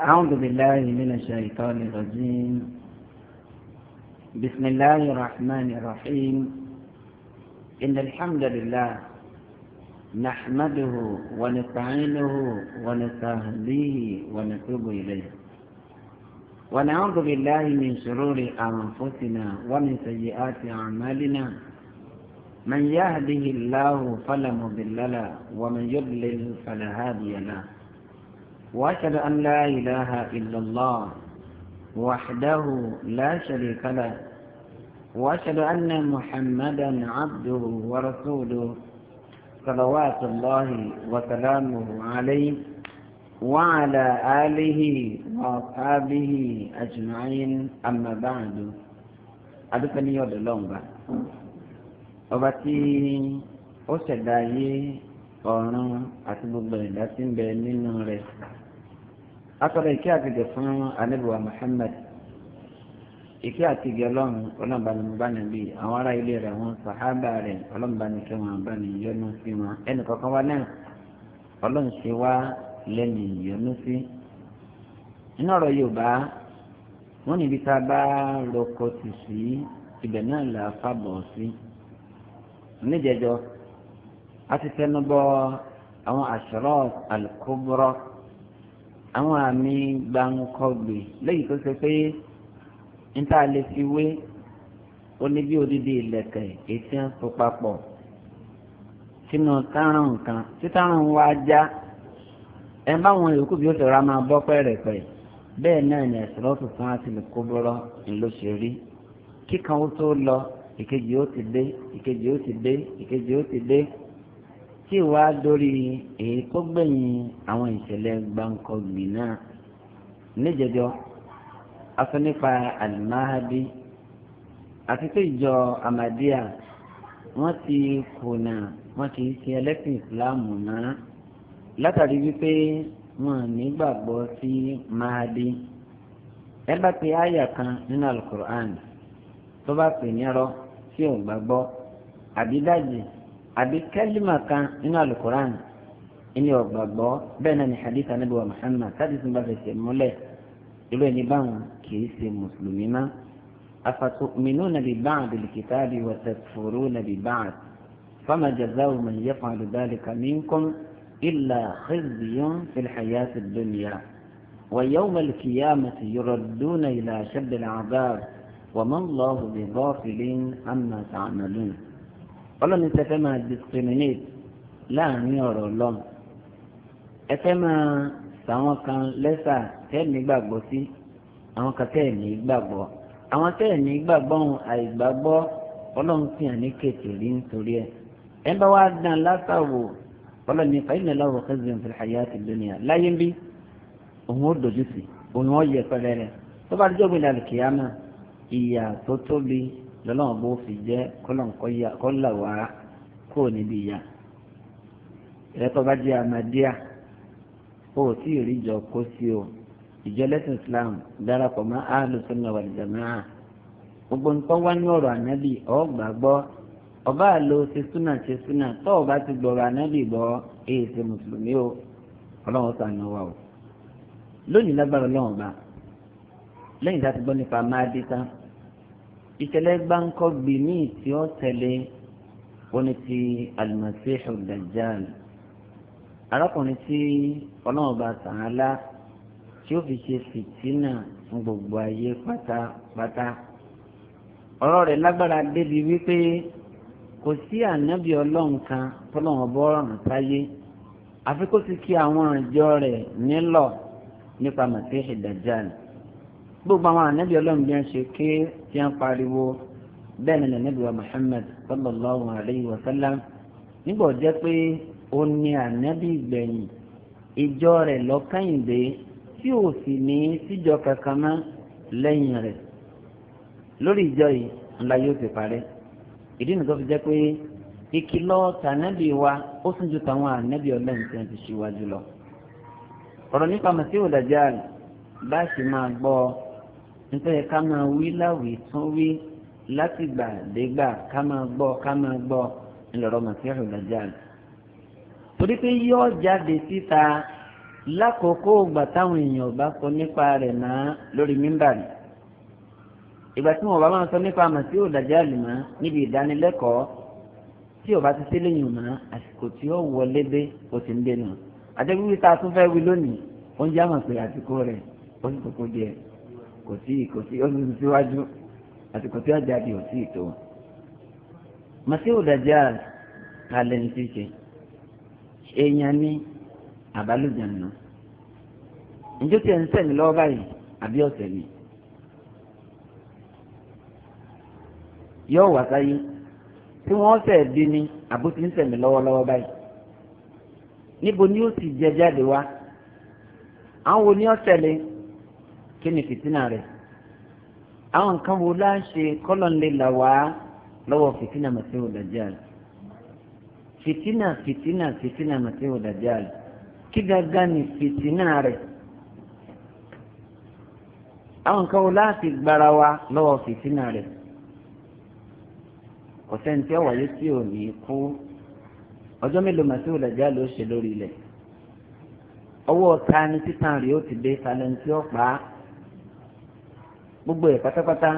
أعوذ بالله من الشيطان الرجيم بسم الله الرحمن الرحيم إن الحمد لله نحمده ونستعينه ونستهديه ونتوب إليه ونعوذ بالله من شرور أنفسنا ومن سيئات أعمالنا من يهده الله فلا مضل له ومن يضلل فلا هادي له وأشهد أن لا إله إلا الله وحده لا شريك له وأشهد أن محمدا عبده ورسوله صلوات الله وسلامه عليه وعلى آله وأصحابه أجمعين أما بعد أدفني يود اللومبا أبتي أسدايي ọ̀run àti gbogbo ìdásí ń bẹ nínú rẹ̀ akọ̀dọ̀ ìkẹ́ àtìgẹ̀ fún anábìwá Muhammad ìkẹ́ àtìgẹ̀ ọlọ́run ọlọ́mọbanibani bíi àwọn ará ilé rẹ̀ wọn sàhábà rẹ̀ ọlọ́mọbanikẹ́ wọn bani yọ́nú sí wọn ẹnì kọ̀ọ̀kan wá náà ọlọ́run ṣe wá lẹ́nu yọ́nú sí. nínú ọ̀rọ̀ Yorùbá wọ́n níbi tá a bá roko tì sí ibẹ̀ náà là á fàbọ̀ sí. níjẹjọ a ti tẹnubọ àwọn àṣọrọ al àwọn àmì gbàǹkọ̀gbè lẹ́yìn tó ṣe pé níta lè fi wé ó ní bí odidi ìlẹ̀kẹ̀ ètí ń so papọ̀ sínú tárùn nǹkan tí tárùn wá já ẹ bá wọn yòókù bí ó ṣe ra máa bọ́ pẹ́rẹ̀pẹ́ bẹ́ẹ̀ náà ni ẹ̀sọ́rọ́ tuntun àti lùkúbọ́rọ́ ńlọ ṣe rí kíkan ó tó lọ ìkejì ó ti dé ìkejì ó ti dé ìkejì ó ti dé tí ìwà dórí èékó gbẹ̀yìn àwọn ìṣẹ̀lẹ̀ gbàǹkọ̀gbì náà níjẹjọ afọ nípa alimahadi àti pé ìjọ amadiya wọ́n ti kùnà wọ́n kì í ṣe ẹlẹ́sìn ìsìláàmù náà látàrí wípé wọ́n nígbàgbọ́ sí mahadi ẹ bá pe àyà kan nínú alukur'an tó bá pè ní ẹrọ tí ò gbàgbọ́ àbí àbí kẹ́límà kan nínú alukoran ẹni ọ̀gbàgbọ́ bẹ́ẹ̀ náà ni hadith anabiwa muhammad sadiq bá fẹsẹ̀ múlẹ̀ irú ẹni báwọn kì í ṣe mùsùlùmí má afatu'minuna bi ba'dil kitabi wa takfuruna bi ba'd fama jaza'u man yaf'alu dhalika minkum illa khizyun fil hayati dunya wa yawmal qiyamati yuradduna ila ashaddi al'adab wa ma Allahu bi ghafilin amma ta'malun. ọlọ́ni tẹ́fẹ́ máa discriminate láàrin ọ̀rọ̀ ọlọ́run ẹ fẹ́ máa sàwọn kan lẹ́sà tẹ́ẹ̀mí gbàgbọ́ sí àwọn kan tẹ́ẹ̀mí gbàgbọ́ àwọn tẹ́ẹ̀mí gbàgbọ́ ohun àìgbàgbọ́ ọlọ́run fi hàn ní kẹtìrí nítorí ẹ ẹ bá wá dán látàwò ọlọ́ni fàyínà láwọ̀ kẹ́sìdẹ̀ǹtì àyà ti dúnìyà láyé bí òun ó dojú sí òun ó yẹ pẹrẹ rẹ tó bá dúró gbé lálẹ́ kìámà ìyà tó tóbi lọ́lọ́run bó fi jẹ́ kọ́là wá kó níbi ìyá ìrẹ́tọ́ bá jẹ́ amadíà ó tí ì ríjọ kó sí o ìjọ lẹ́sìn Islam darapọ̀ mọ́ Ahlus Sunnah wal Jama'ah gbogbo nǹkan wá ní ọ̀rọ̀ ànábì ọ̀ gbàgbọ́ ọba àlò ṣe súnà ṣe súnà tó ọba ti gbọ̀rọ̀ ànábì gbọ́ èyí ṣe mùsùlùmí o ọlọ́run sànù wa o lónìí lágbára ọlọ́run ọba lẹ́yìn tá a ti gbọ́ nípa máa dé tán ìṣẹ̀lẹ̀ gbáǹkọ́gbì míì tí ó tẹ̀lé oní ti alimasihu dajjal arákùnrin tí ọlọ́run bá tààlà tí ó fi ṣe fìtínà fún gbogbo ayé pátápátá ọ̀rọ̀ rẹ̀ lágbára débi wípé kò sí ànábì ọlọ́run kan tọ́lọ́run bọ́ ọ̀ràn táyé àfi kó ti kí àwọn ìjọ rẹ̀ nílọ̀ nípa masihu dajjal gbogbo àwọn ànábì ọlọ́run bí wọ́n ṣe ké tí wọ́n pariwo bẹ́ẹ̀ ni nàbí wa Muhammad sallallahu alayhi wa sallam nígbà jẹ́ pé ó ní ànábì gbẹ̀yìn ìjọ rẹ̀ lọ́kàyìndé tí ò sì ní síjọ kankan mọ́ lẹ́yìn rẹ̀ lórí ìjọ yìí ńlá yóò ti parẹ́ ìdí nìkan fi jẹ́ pé ìkìlọ̀ tànábì wa ó sì ju tàwọn ànábì ọlọ́run tí wọ́n ti ṣíwájú lọ. ọ̀rọ̀ nípa Masihu Dajjal bá a sì máa gbọ́ ọ nítorí ká máa wí láwìí tún wí látìgbà dégbà ká máa gbọ́ ká máa gbọ́ ńlọrọ màsíhù dàjáàlì. torí pé yóò jáde síta lákòókò ìgbà táwọn èèyàn bá sọ nípa rẹ̀ náà lórí mímbàrì ìgbà tí wọn bá máa sọ nípa màsíhù dàjáàlì mọ́ níbi ìdánilẹ́kọ̀ọ́ tí o bá ti sí lẹ́yìn mọ́ àsìkò tí ó wọlé dé o ti ń dènà àjẹbí wíta tún fẹ́ wí lónìí oúnjẹ àmọ̀ pé àsìkò rẹ̀ ó ti kókó díẹ̀ kò sí kò sí ó ti síwájú àsìkò tí ọjà di ò sí ìtò masiu dajjal kalẹ̀ ní ṣíṣe èèyàn ní àbálùjànù njó tiẹ̀ ń sẹ̀mí lọ́wọ́ báyìí àbí ọ̀sẹ̀ mi yóò wá sáyé tí wọ́n sẹ̀ di ni àbótí ń sẹ̀mí lọ́wọ́lọ́wọ́ báyìí níbo ni ó sì jẹ jáde wá àwọn wo ni kí ni fìtínà rẹ̀ àwọn nǹkan wo láṣẹ kọ́lọ́nlé là wá lọ́wọ́ fìtínà Masihu Dajjal fìtínà fìtínà fìtínà Masihu Dajjal kí gàgà ni fìtínà rẹ̀ àwọn nǹkan wo láti gbára wa lọ́wọ́ fìtínà rẹ̀ kò sẹ́ni tí ó wáyé tí ò ní kú ọjọ́ mélòó Masihu Dajjal ló ṣe lórí ilẹ̀ ọwọ́ ta ni títàn rèé ó ti dé talẹ́ntì ọ̀pá gbogbo ẹ̀ pátápátá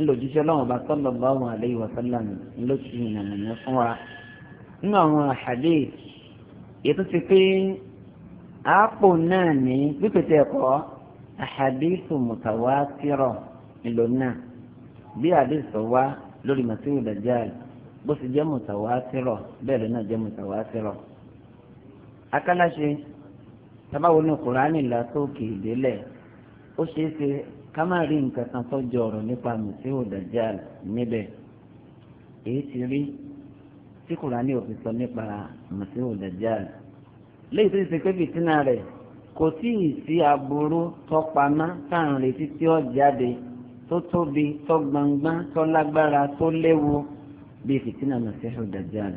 ńlòjíṣẹ́ ọlọ́run ọba sallallahu alaihi wa sallam ńlọ́sí ìyànnìyàn fún wa nínú àwọn àṣàlẹ̀ ètò ti pé àápò náà ní pípètè ẹ̀kọ́ àhàdíìsù mùtàwátìrọ̀ ńlò náà bí àdìsọ wá lórí màsíwò dàjáàlì bó sì jẹ́ mùtàwátìrọ̀ bẹ́ẹ̀ ló náà jẹ́ mùtàwátìrọ̀ akálàṣe tábàwọn ní kùránì látòkè ìdílẹ̀ ó ṣeé ṣe ká má rí nǹkan kan tó jọ ọ̀rọ̀ nípa mùsíwò dajjal níbẹ̀ èyí ti rí tí kùránì ò fi sọ nípa mùsíwò dajjal léyìí tó ti ṣe pé fìtínà rẹ̀ kò tí ì sí aburú tó pamá tá à ń retí tí ó jáde tó tóbi tó gbangba tó lágbára tó léwu bí fìtínà mùsíwò dajjal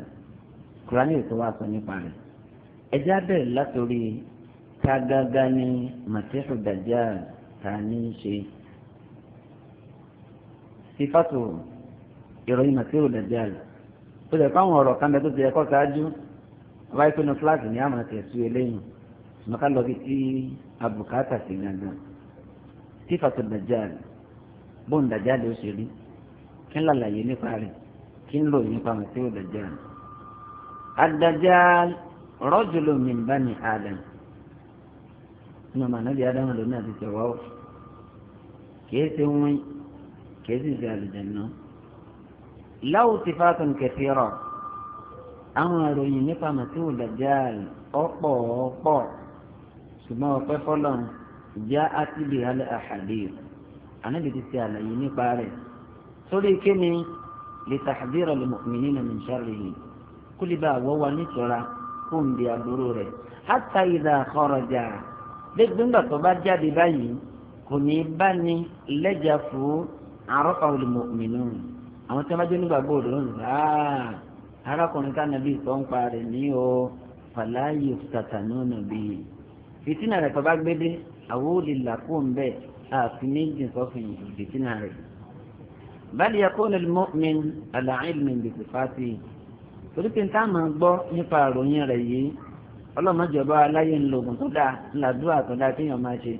kùránì ò tó wá sọ nípa rẹ̀ ẹjá bẹ̀rẹ̀ látòrí kágágá ní mùsíwò dajjal ta ní í ṣe. sífàtò ìròyìn màtíwò dajjal ó jẹ́ káwọn ọ̀rọ̀ kan bẹ tó ti ẹ̀kọ́ ṣáájú wáyé pinnu fúláàtì ní àmà tẹ̀sí eléyìn màkà lọ bí tí abùkátà sí gangan. sífàtò dajjal bóun dajjal ló ṣe rí kí ń lálàyé nípa rẹ̀ kí ń lò nípa màtíwò dajjal. ad-dajjal rajulun bani adam. nínú màánà bí ádámù lónìí àti tẹ̀wá ọ̀sùn kìí ṣe wọ́n kìí sì ṣe àlùjànnà. láwù ti fàtàn kẹfìrọ̀ àwọn ìròyìn nípa màtíwù dàjáàl ọ̀pọ̀ ọ̀pọ̀ ṣùgbọ́n ọ̀pẹ́ fọlọ́n já átìlì alẹ́ àhàdé ànábì ti ṣe àlàyé nípa rẹ̀ sórí kíni lè tàhàdírà lè mọ̀kùnrin nínú ìṣàlẹ̀ yìí kó lè bá àwọ̀ wa nítorá kó ń di àbúrò rẹ̀ hátà ìdá àkọ́rọ̀jà lẹ́gbẹ̀ngbà tó bá jáde báyìí kò ní bá ní lẹ́jà fún àrọ́pàá olùmọ̀mìnú àwọn tí wọ́n bá jẹ́ nígbàgbọ́ òdòdó nìyá arákùnrin kánàbí ìtọ́ ń pa rẹ̀ ní o fàlàyé tàtànú nàbí fìtínà rẹ̀ tọ́ba gbédé àwọn olùlà kó ń bẹ̀ àfi méjì sọ́fìn fìtínà rẹ̀ báyìí yakóni mọ́min àlàáìlì bìtì fàtì torí pé nta máa gbọ́ nípa àròyìn rẹ̀ yìí ọlọ́mọdé ọba aláyé ńlọgùn tó dáa ńlá dúrà tó dáa kéèyàn máa ṣe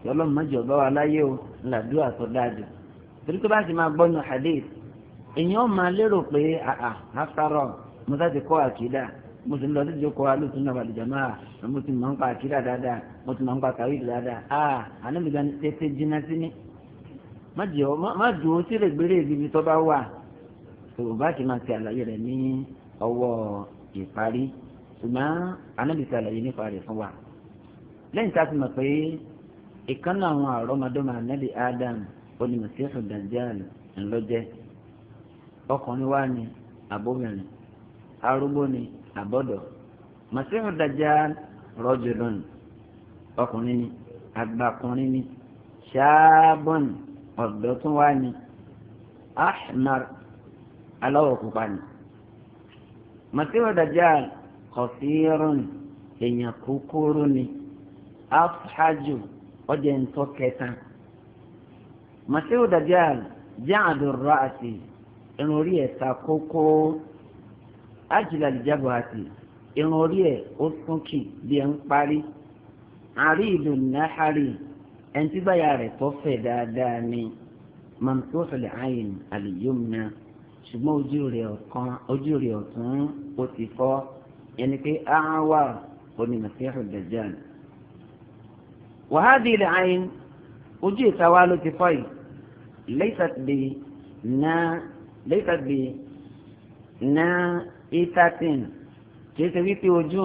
kí ọlọ́run má jọ̀ọ́ bá wa láyé o làdúrà tó dáadé torí tó bá ti máa gbọ́nu hadith èèyàn máa lérò pé àà afárọ̀ mo sá ti kọ́ àkídà mo sì ń lọ síjú kọ́ alóòtú náà wàlìjà máa mo ti máa ń pa àkídà dáadáa mo ti máa ń pa kàwéèdì dáadáa àà ànábìgá ni tètè jiná sí ni má dùn ó sí lè gbére ibi tó bá wà tòun bá ti máa ti àlàyé rẹ̀ ní ọwọ́ ìparí ṣùgbọ́n ànábìgá àlàyé nípa rẹ̀ fún wa lẹ́yìn tá a ti mọ̀ pé ìkànnà àwọn àrọ́mọdọ́mọ ànábì Adam onímọ̀síhù dàjáàlì ńlọ́jẹ́ ọkùnrin wá ní àbóbìnrin arúgbó ní àbọ́dọ̀ mọ̀síhù dàjáàlì rọ́jò lónìí ọkùnrin ní àgbàkùnrin ní ṣáàbọ̀n ọ̀dọ́ tún wá ní ahmar aláwọ̀ pupa ní mọ̀síhù dàjáàlì kọ̀síìrún èèyàn kúkúrú ní afhajù ọjà ntọ́ kẹta masihu dajjal jaadu raasi irun orí ẹ̀ ta kókó ajilal jabaati irun orí ẹ̀ ó súnkì bí ẹ̀ ń parí àrí ìlú nàhárì ẹ̀ǹtí báyà rẹ̀ tó fẹ̀ dáadáa ni mamtuhul ayin aliyumna ṣùgbọ́n ojú rẹ̀ ọ̀kan ojú rẹ̀ ọ̀tún ó ti fọ́ yẹn pé àwa oní wàhádìí ilẹ̀ ayin ojú ìta wa ló ti fọ́ yìí laysat bi na laysat bi na itatin kìí ṣe wípé ojú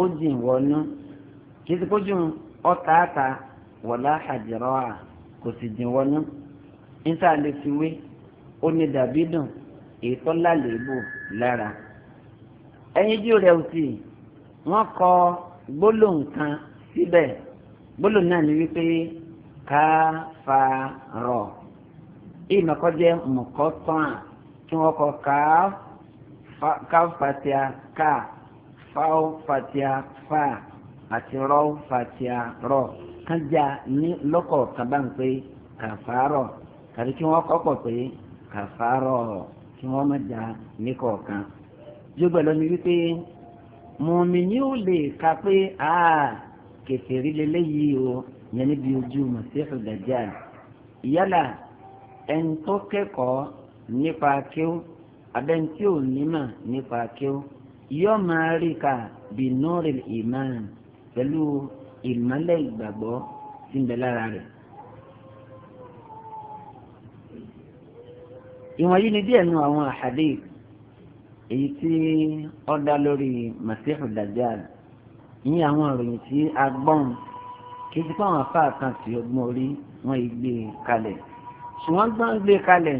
ó jìn wọnú kìí ṣe kójú ọ̀tààtà wọ̀lá àjẹrọ̀ à kò sì jìn wọnú níta lè fi wé ó ní dàbí dùn ètò lálébù lára ẹyin jí rẹ̀ ò sí wọ́n kọ gbólóhùn kan síbẹ̀. Si gbólò náà ni wípé káfàrọ̀ ìmọ̀kọ́ jẹ́ mọ̀kọ́tàn tí wọ́n kọ káfàtíà ká fáfàtíà fà àti rọ́fàtíà rọ̀ kájà ní lọ́kọ̀ kábà ń pé kàfàrọ̀ tàbí kí wọ́n kọ́kọ̀ pé kàfàrọ̀ kí wọ́n má jà ní kọ̀ọ̀kan. jógbẹ́ lọ ni wípé mùmí ni ó lè ka pé aaa kèfèrí lélẹ́yìí o yẹn níbi ojú masihu dajjal yálà ẹni tó kẹ́kọ̀ọ́ nípa kíó abẹ́ntí ò nímọ̀ nípa kíó yóò máa rí ka bí nọ́ọ̀rì ìmáàn pẹ̀lú ìmọ̀lẹ̀ ìgbàgbọ́ tí ń bẹ lára rẹ̀. ìwọ̀nyí ni díẹ̀ nu àwọn àhàdé èyí tí ó dá lórí masihu dajjal ní àwọn ìròyìn tí a gbọ́n kí ti fáwọn afáà kan tí ọgbọ́n orí wọn gbé kalẹ̀ ṣùgbọ́n gbọ́n gbé kalẹ̀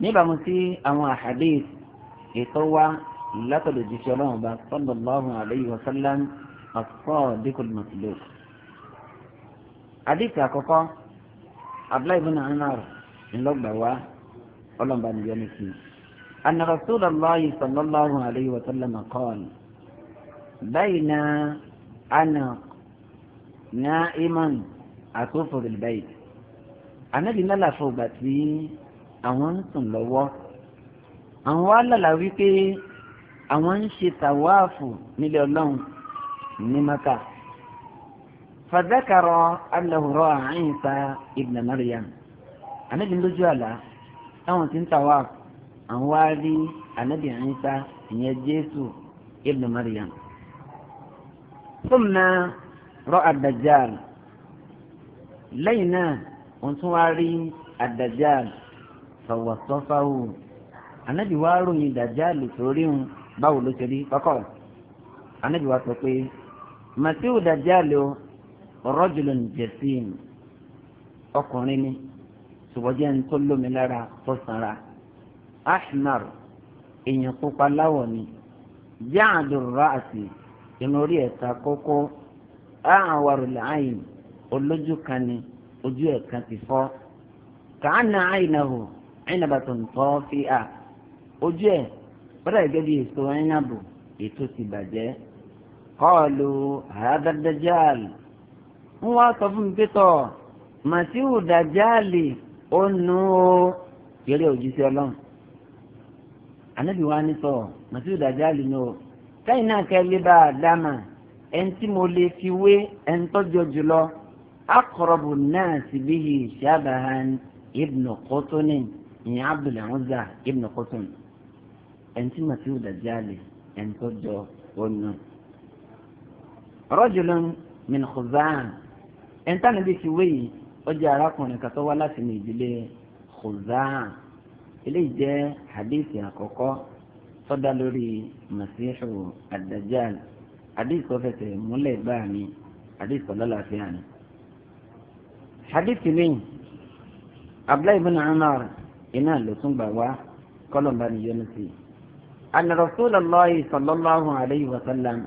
níbàámu sí àwọn àhàdíìsì ètò wa látọ̀dọ̀ jíṣẹ́ ọlọ́run bá sallallahu alayhi wa sallam as-sadiqul masduq. àdìsí àkọ́kọ́ abdullahi bin anar ńlọgbà wa ọlọ́run nìyẹn ní kí. anna rasulallahi sallallahu alayhi wa sallam qala bayna ana naiman atufur albayt anabi nala fọgbà tí àwọn ń sùn lọ́wọ́ àwọn wa lálà wípé àwọn ń ṣe tàwáàfù nílé ọlọ́run ní maka fàdákàrọ alẹ́wòrán àìsà ibn mariam anabi lójú àlá táwọn ti ń tàwáàfù àwọn wa rí anabi àìsà ìyẹn jésù ibn mariam. ثم رأى الدجال لينا وانتواري الدجال فوصفه anabi wa ròyìn dàjáàlì torí ń báwo ló ṣe rí kọ́kọ́ anabi wa sọ pé masiu dàjáàlì o rọ́jùlọ jẹ̀sìn ọkùnrin ni ṣùgbọ́njẹ́ ń tó lómi lára tó sanra ahmar èèyàn pupa láwọ̀ ni jáàdùrọ̀ àti ìrun orí ẹ̀ka kókó àwàrò làáyìn olójú kan ni ojú ẹ̀ka ti fọ́ kàánà àyìnàhò àyìnàbàtò ńtọ́ fi à ojú ẹ̀ bọ́dà gẹ́gẹ́ bí èso àyìnàbò ètò ti bàjẹ́ kọ́ọ̀lù àádọ́dájáàlì ń wá sọ fún mi pé tọ́ màtíwù dájáàlì ó nu ó yẹlé òjíṣẹ́ ọlọ́run ànábì ní sọ màtíwù dájáàlì ni ó káyìn náà kẹ́lẹ́ bá a dáma ẹni tí mo lè fi wé ẹni tọ́jọ jùlọ akọrọbù náà sì bí i ṣàbàhán ibn kótónì ìyẹn Abdul Uzza ibn kótónì ẹni tí màtíwù dàjáde ẹni tọ́jọ ọ̀nà. rọ́jùlọ́n min Khuzaa ẹni tá níbi fi wé yìí ó jẹ́ arákùnrin kan tó wá láti ní ìdílé Khuzaa eléyìí jẹ́ hadith àkọ́kọ́ sọ́dá lórí masihu adajal àdìsọ́ fẹsẹ̀ múlẹ̀ báà ní àdìsọ́ lọ́làfíà ní. hadith mi abdullahi bin umar iná ló tún gbà wá kọ́lọ̀mbà ní yọ́nùsì. anna rasulallahi sallallahu alayhi wa sallam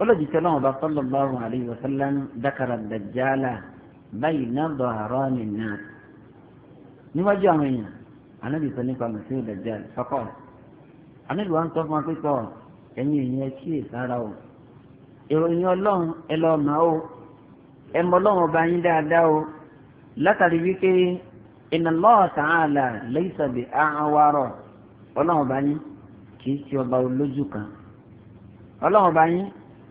olójútẹ́ lọ́wọ́ bá sallallahu alayhi wa sallam dakara dajala bayna dhahrani nnas. níwájú àwọn èèyàn anábìsọ nípa masihu dajal faqala àmìlú wa ń sọ fún wa pípọ̀ ẹ̀yin èèyàn ẹ kíyè sára o ìròyìn ọlọ́run ẹ lọ mọ̀ o ẹ mọ ọlọ́run ọba yín dáadáa o látàrí wípé inna Allah ta'ala laysa bi a'wara ọlọ́run ọba yín kì í ṣe ọba olójú kan ọlọ́run ọba yín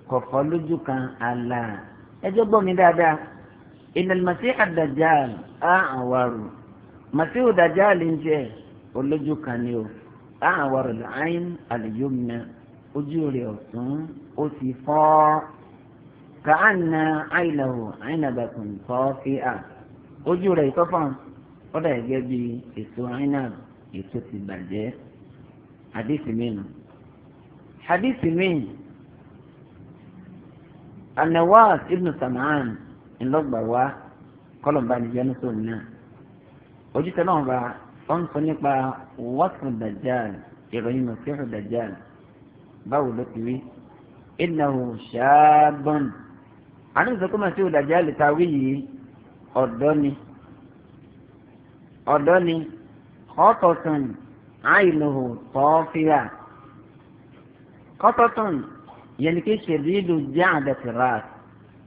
kò fọ́ lójú kan àlà ẹjọ́ gbọ́ mi dáadáa innal masiha ad-dajjal a'waru masihu dajjal ń jẹ́ olójú kan ni o táàwọ̀rọ̀ lẹ́yìn àlùyọ́mìnà ojú rẹ̀ ọ̀tún ó ti fọ́ káàna àìlàwò àìnàbàkùn kọ́ fi à ojú rẹ̀ ìtọ́fọ̀n ó dà gẹ́gẹ́ bí èso àìnàb èso ti bàjẹ́ hadith mìíràn hadith mìíràn anawas ibn sam'an ńlọgbàwá kọlọmbà nítorí náà ojútẹ náà bá wọ́n sọ nípa wọ́sùn dajjal ìròyìn mọ̀síhù dajjal báwo ló ti wí innahu ṣáàbọ̀n àní ìsọkú mọ̀síhù dajjal ta wí yìí ọ̀dọ́ ni ọ̀dọ́ ni kọ́tọ̀tún àìlòhù tọ́fíà kọ́tọ̀tún yẹn kí ṣèlú jẹ́ àdàtìrà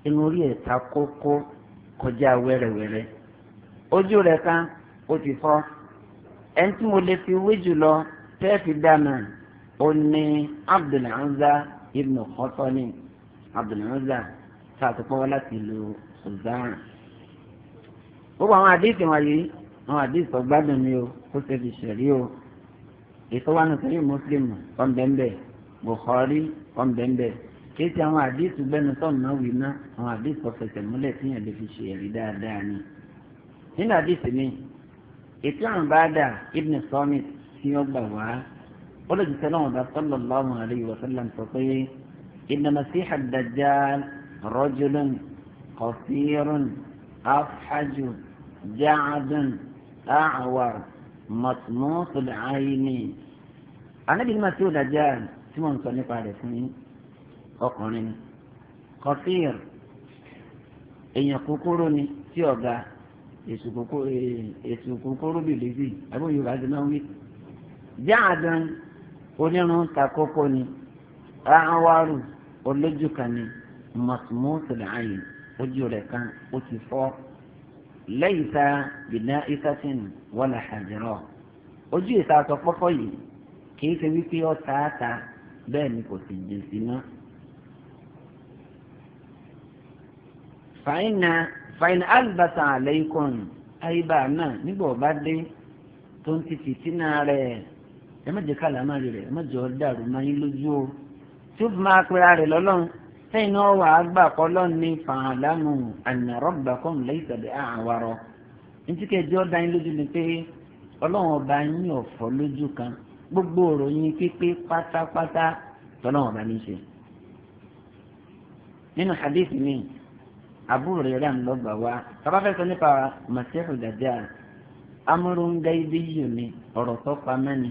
inú orí ẹ̀ kókó kọjá wẹ́rẹ́wẹ́rẹ́ ojú rẹ̀ kan ó ti fọ́ ẹni tí mo lè fi wé jùlọ tẹ́ẹ̀fì dáná ó ní Abdul Uzza ibn Khatani Abdul Uzza tá a ti pọ́wọ́ láti lu ọ̀záàrùn. gbogbo àwọn àdéhìí wọ̀nyí àwọn àdéhìí sọ gbádùn mi o kó ṣe fi ṣẹ̀rí o ètò wa nìkan yìí mùsùlùmù ọ̀nbẹ̀ǹbẹ̀ Bukhari ọ̀nbẹ̀ǹbẹ̀ kìí ti àwọn àdéhìí bẹ́nu tọ́nà wì ná àwọn àdéhìí sọ fẹsẹ̀ múlẹ̀ tíyàn lè fi ṣe ẹ̀rí dáadáa ni. nínú àdéhìí mi ètò àǹbáàdà ibn Samit tí ó gbà wá ó lè jùlọ náà bá sallallahu alayhi wa sallam sọ pé inna masiha ad-dajjal rajulun qasirun afhaju ja'adun a'war matmutul ayni anabi ní masihu ad-dajjal tí wọ́n ń sọ nípa rẹ̀ fún ọkùnrin qasir èèyàn kúkúrú ni tí ọ̀gá ètò kòkòrò bìlì bì àbúrò yorùbá ti máa ń wí. jáàdán onírun takókó ni ráháwárù olójú kan ni mọ̀tìmọ́tì láàyè ojú rẹ̀ kan ó ti fọ́ lẹ́yìn tá bìnà ìsàtìn wọlé àjẹrọ ojú ìta sọ pọ́pọ́ yìí kì í ṣe wípé ó tààtà bẹ́ẹ̀ ni kò sì jìn sí náà. fàáyìn náà fain alibata aleikum ayiba náà nígbà ọba dé tó ń ti fìtínà rẹ̀ ẹ má jẹ́ kàlámà rẹ̀ ẹ má jẹ́ ọ dàrú máa yín lójú o tí ó fi máa pera rẹ̀ lọ́lọ́run sẹ́yìn náà wà á gbà kọ́ lọ́ọ̀ni fàálàmù àná rọ́bà kọ́m lẹ́yìn tàbí àwárọ̀ ntí kẹjọ ọ̀dà yín lójú ni pé ọlọ́run ọba yín ọ̀fọ́ lójú kan gbogbo òròyìn pípé pátápátá tọ́lọ́run ọba ní í ṣe. nínú hadith mi àbúrò rẹ̀ rà ń lọ gbà wá bàbá fẹ́ nípa màsíhù dajjal amúrúngá ibi yìí ni ọ̀rọ̀ tó pamọ́ ni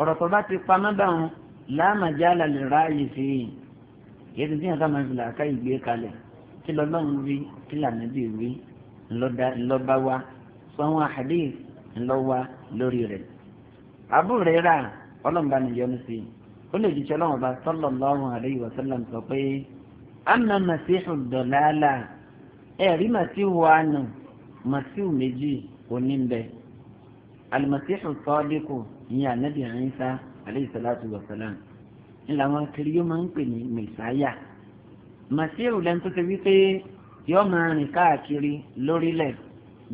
ọ̀rọ̀ tó bá ti pamọ́ báwọn láàmàjá lálẹ́ ráàyè sí i yẹ́n ti yàn sáma ìfìlà ká ìgbé kalẹ̀ kí lọ́lọ́run wí kí lànàbí wí ńlọ́ba wa sọ́wọ́n àdéhì ńlọ́wà lórí rẹ̀ àbúrò rẹ̀ rà ọlọ́mùbá nìyọ́nù sí i ó lè jíṣẹ́ ọlọ́mùbá sallallahu alaihi wa sallam sọ pé anna màsíhù dọ̀làlà ẹ̀rí màsíwò àná màsíwò méjì òní ń bẹ alimasihu sọ́ọ́dẹ́kù ní anabi Isa aleyhi salatu wa salam ńlá wọn kiri yóò máa ń pè ní mẹsáyà màsíwò lẹ́nu tó ṣe wípé yóò máa rìn káàkiri lórílẹ̀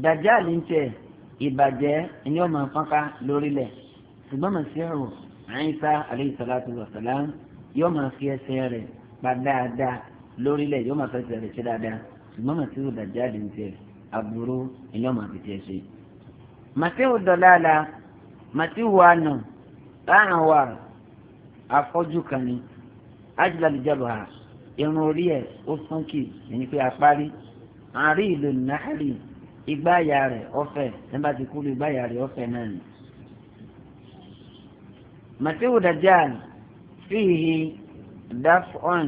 dàjáàlì ń ìbàjẹ́ ni yóò máa fọ́nká lórílẹ̀ ṣùgbọ́n màsíwò Isa aleyhi salatu wa salam yóò máa fi ẹsẹ̀ rẹ̀ pa dáadáa lórílẹ̀ yóò máa fẹsẹ̀ rẹ̀ ṣe dáadáa ṣùgbọ́n màtíwò dàjáde ń tiẹ̀ aburú ilé ọmọ àti tiẹ̀ ṣe. màtíwò dọ̀láàlà màtíwò àná láàrin wa afọ́jú kan ni ajílẹ̀ ìjọba irun orí ẹ̀ ó súnkì ẹni pé apárí àárín ìlú nàárì ìgbáyà rẹ̀ ọ̀fẹ́ nígbà tí kúrò ìgbáyà rẹ̀ ọ̀fẹ́ náà ni. màtíwò dàjáde fíìhì dáfọ́n